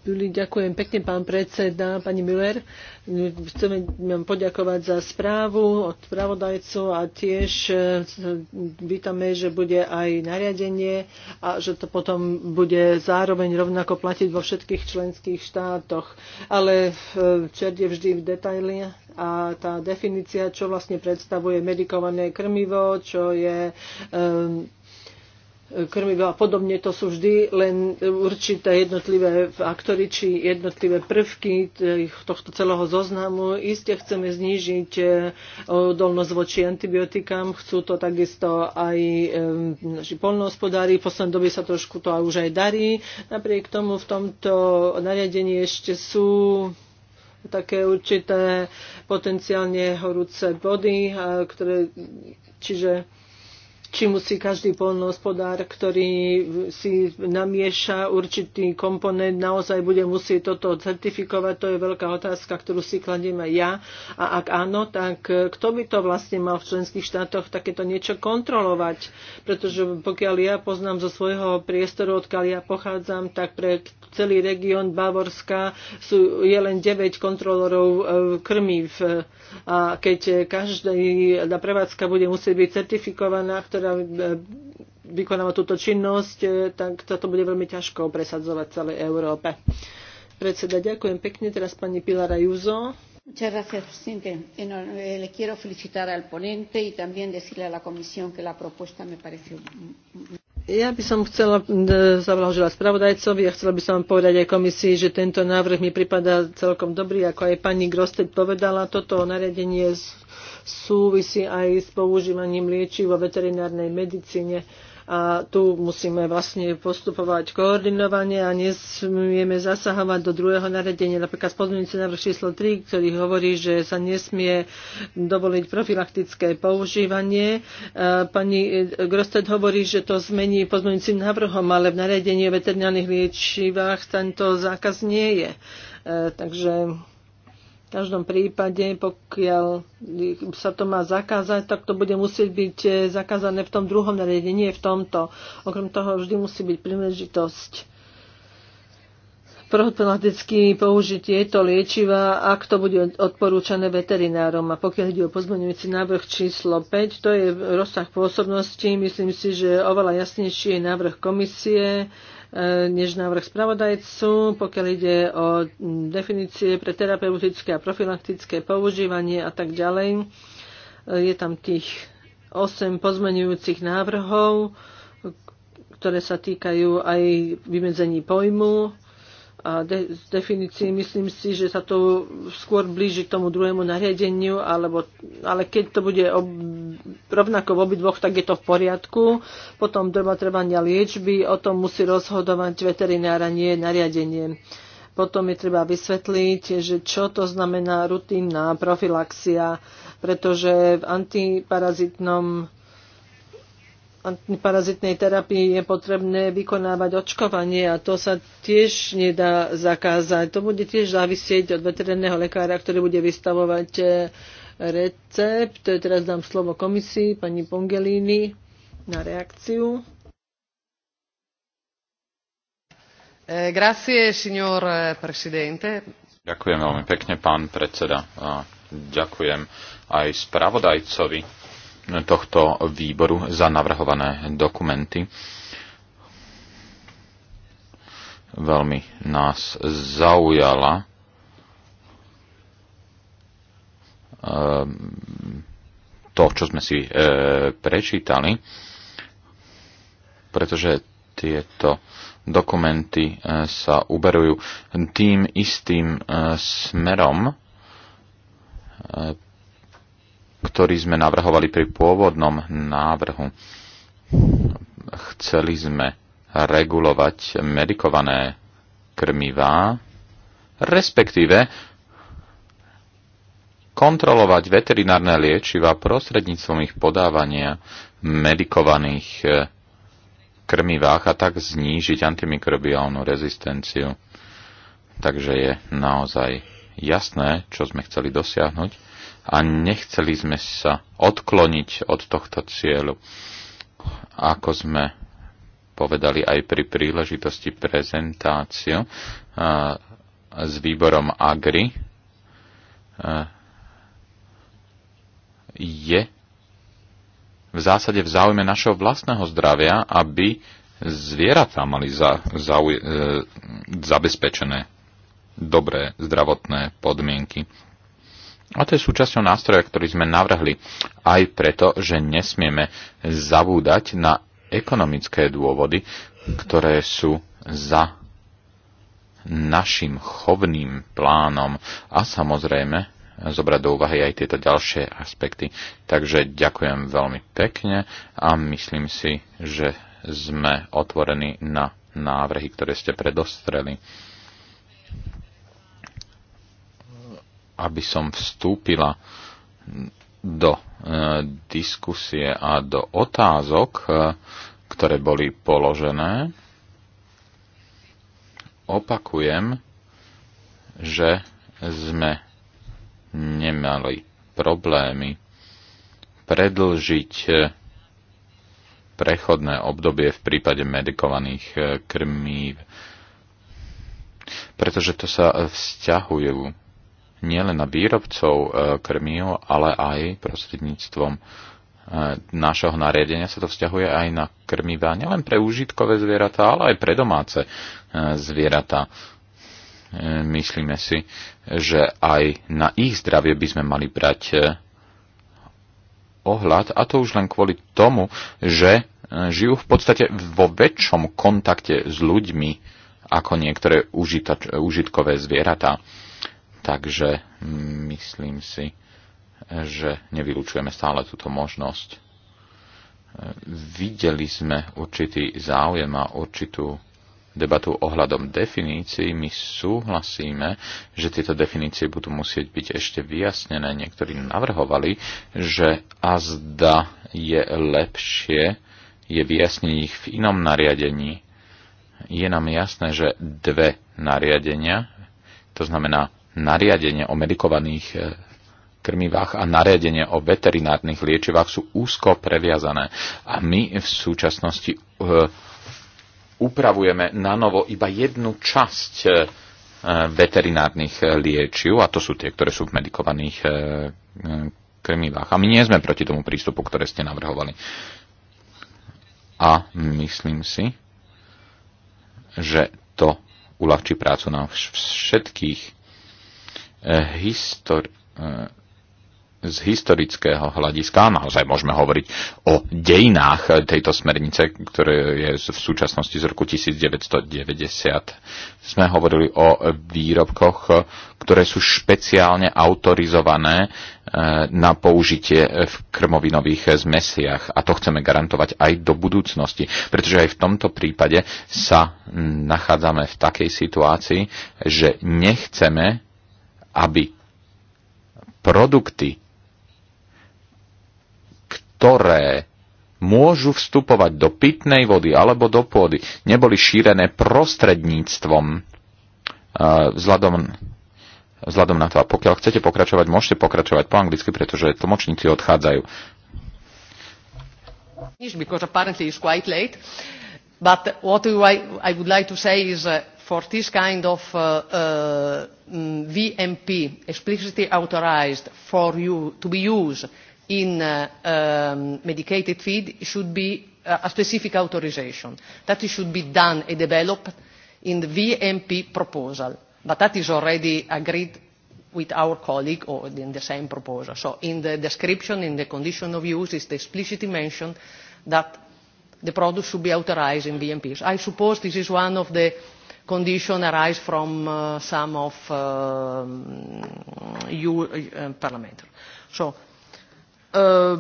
Ďakujem pekne, pán predseda, pani Müller. Chcem vám poďakovať za správu od spravodajcu a tiež e, vítame, že bude aj nariadenie a že to potom bude zároveň rovnako platiť vo všetkých členských štátoch. Ale e, čert je vždy v detaily a tá definícia, čo vlastne predstavuje medikované krmivo, čo je um, krmiva a podobne, to sú vždy len určité jednotlivé faktory či jednotlivé prvky tohto celého zoznamu. Isté chceme znížiť e, odolnosť voči antibiotikám, chcú to takisto aj e, naši polnohospodári. V poslednom dobe sa trošku to už aj darí. Napriek tomu v tomto nariadení ešte sú také určité potenciálne horúce body, ktoré, čiže či musí každý polnohospodár, ktorý si namieša určitý komponent, naozaj bude musieť toto certifikovať, to je veľká otázka, ktorú si kladiem aj ja. A ak áno, tak eh, kto by to vlastne mal v členských štátoch takéto niečo kontrolovať? Pretože pokiaľ ja poznám zo svojho priestoru, odkiaľ ja pochádzam, tak pre celý región Bavorska sú, je len 9 kontrolorov eh, krmív. A keď eh, každá prevádzka bude musieť byť certifikovaná, ktorá teda, e, vykonáva túto činnosť, e, tak toto bude veľmi ťažko presadzovať celej Európe. Predseda, ďakujem pekne. Teraz pani Pilara Juzo. Muchas gracias, presidente. No, eh, le quiero felicitar al ponente y también decirle a la comisión que la propuesta me ja by som chcela e, zablahožila spravodajcovi a chcela by som povedať aj komisii, že tento návrh mi pripadá celkom dobrý, ako aj pani Grosteď povedala, toto nariadenie súvisí aj s používaním liečiv vo veterinárnej medicíne a tu musíme vlastne postupovať koordinovane a nesmieme zasahovať do druhého nariadenia, napríklad spodmienujúci návrh číslo 3, ktorý hovorí, že sa nesmie dovoliť profilaktické používanie. E, pani Grosted hovorí, že to zmení pozmeňujúcim návrhom, ale v nariadení o veterinárnych liečivách tento zákaz nie je. E, takže v každom prípade, pokiaľ sa to má zakázať, tak to bude musieť byť eh, zakázané v tom druhom nariadení, nie v tomto. Okrem toho vždy musí byť príležitosť profilakticky použiť tieto liečiva, ak to bude odporúčané veterinárom. A pokiaľ ide o pozmeňujúci návrh číslo 5, to je rozsah pôsobnosti. Myslím si, že oveľa jasnejší je návrh komisie E, než návrh spravodajcu, pokiaľ ide o definície pre terapeutické a profilaktické používanie a tak ďalej. E, je tam tých 8 pozmenujúcich návrhov, ktoré sa týkajú aj vymedzení pojmu a de, z definícií myslím si, že sa to skôr blíži k tomu druhému nariadeniu, alebo, ale keď to bude ob, rovnako v obidvoch, tak je to v poriadku. Potom doba trvania liečby, o tom musí rozhodovať veterinára, nie nariadenie. Potom je treba vysvetliť, že čo to znamená rutinná profilaxia, pretože v antiparazitnom antiparazitnej terapii je potrebné vykonávať očkovanie a to sa tiež nedá zakázať. To bude tiež závisieť od veterinného lekára, ktorý bude vystavovať e, recept. Teraz dám slovo komisii pani Pongelini na reakciu. E, grazie, signor e, presidente. Ďakujem veľmi pekne, pán predseda. Ďakujem aj spravodajcovi tohto výboru za navrhované dokumenty. Veľmi nás zaujala ehm, to, čo sme si e, prečítali, pretože tieto dokumenty e, sa uberujú tým istým e, smerom, ktorý sme navrhovali pri pôvodnom návrhu. Chceli sme regulovať medikované krmivá, respektíve kontrolovať veterinárne liečiva prostredníctvom ich podávania medikovaných e, krmivách a tak znížiť antimikrobiálnu rezistenciu. Takže je naozaj jasné, čo sme chceli dosiahnuť a nechceli sme sa odkloniť od tohto cieľu. Ako sme povedali aj pri príležitosti prezentáciu s výborom Agri, je v zásade v záujme našeho vlastného zdravia, aby zvieratá mali za, za, e, zabezpečené dobré zdravotné podmienky. A to je súčasťou nástroja, ktorý sme navrhli. Aj preto, že nesmieme zabúdať na ekonomické dôvody, ktoré sú za našim chovným plánom a samozrejme zobrať do úvahy aj tieto ďalšie aspekty. Takže ďakujem veľmi pekne a myslím si, že sme otvorení na návrhy, ktoré ste predostreli. aby som vstúpila do e, diskusie a do otázok, e, ktoré boli položené. Opakujem, že sme nemali problémy predlžiť e, prechodné obdobie v prípade medikovaných krmív, pretože to sa vzťahujú nielen na výrobcov e, krmiu, ale aj prostredníctvom e, nášho nariadenia sa to vzťahuje aj na krmivá, nielen pre užitkové zvieratá, ale aj pre domáce e, zvieratá. Myslíme si, že aj na ich zdravie by sme mali brať ohľad, a to už len kvôli tomu, že žijú v podstate vo väčšom kontakte s ľuďmi ako niektoré užitkové zvieratá. Takže myslím si, že nevylučujeme stále túto možnosť. Videli sme určitý záujem a určitú debatu ohľadom definícií. My súhlasíme, že tieto definície budú musieť byť ešte vyjasnené. Niektorí navrhovali, že azda je lepšie, je vyjasniť ich v inom nariadení. Je nám jasné, že dve nariadenia, to znamená nariadenie o medikovaných e, krmivách a nariadenie o veterinárnych liečivách sú úzko previazané. A my v súčasnosti e, upravujeme na novo iba jednu časť e, veterinárnych liečiv, a to sú tie, ktoré sú v medikovaných krmivách. A my nie sme proti tomu prístupu, ktoré ste navrhovali. A myslím si, že to uľahčí prácu na všetkých Eh, histori- eh, z historického hľadiska, naozaj môžeme hovoriť o dejinách eh, tejto smernice, ktoré je v súčasnosti z roku 1990. Sme hovorili o výrobkoch, ktoré sú špeciálne autorizované na použitie v krmovinových zmesiach a to chceme garantovať aj do budúcnosti, pretože aj v tomto prípade sa hm, nachádzame v takej situácii, že nechceme aby produkty, ktoré môžu vstupovať do pitnej vody alebo do pôdy, neboli šírené prostredníctvom e, vzhľadom, vzhľadom na to. A pokiaľ chcete pokračovať, môžete pokračovať po anglicky, pretože tlmočníci odchádzajú. Because apparently it's quite late. But what I, I would like to say is uh, for this kind of uh, uh, mm, VMP explicitly authorized for you to be used in uh, um, medicated feed should be uh, a specific authorization. That should be done and developed in the VMP proposal. But that is already agreed with our colleague or in the same proposal. So in the description, in the condition of use, it's explicitly mentioned that the product should be authorized in VMPs. I suppose this is one of the condition arise from uh, some of uh, EU uh, parliamentary. So, uh,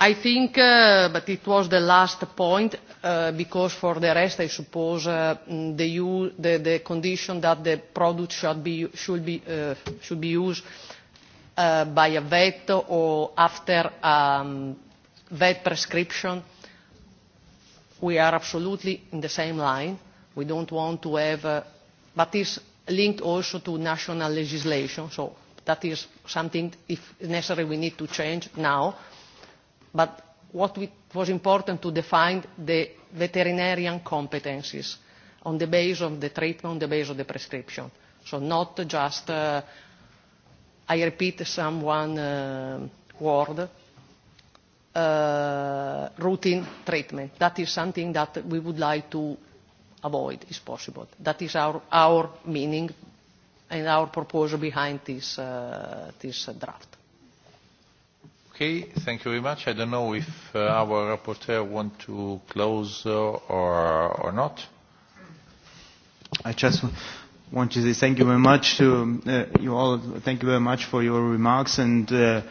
I think, uh, but it was the last point, uh, because for the rest, I suppose, uh, the, EU, the, the condition that the product should be, should be, uh, should be used uh, by a vet or after um, vet prescription, we are absolutely in the same line We don't want to have, uh, but it's linked also to national legislation, so that is something, if necessary, we need to change now. But what we, was important to define the veterinarian competencies on the basis of the treatment, on the basis of the prescription. So not just, uh, I repeat some one uh, word, uh, routine treatment. That is something that we would like to avoid is possible. That is our, our meaning and our proposal behind this, uh, this draft. Okay, thank you very much. I don't know if uh, our rapporteur want to close uh, or, or not. I just want to say thank you very much to uh, you all. Thank you very much for your remarks. And uh,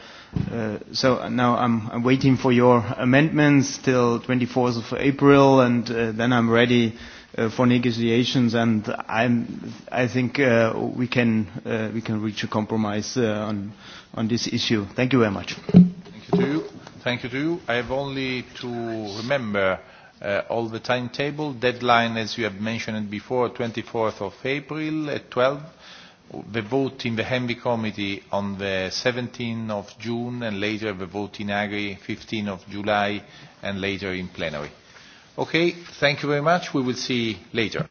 uh, so now I'm, I'm waiting for your amendments till 24th of April, and uh, then I'm ready Uh, for negotiations, and I'm, I think uh, we can uh, we can reach a compromise uh, on on this issue. Thank you very much. Thank you to you. Thank you to you. I have only to remember uh, all the timetable deadline, as you have mentioned before, 24th of April at 12. The vote in the Henry Committee on the 17th of June, and later the vote in Agri, 15th of July, and later in plenary. Okay, thank you very much. We will see later.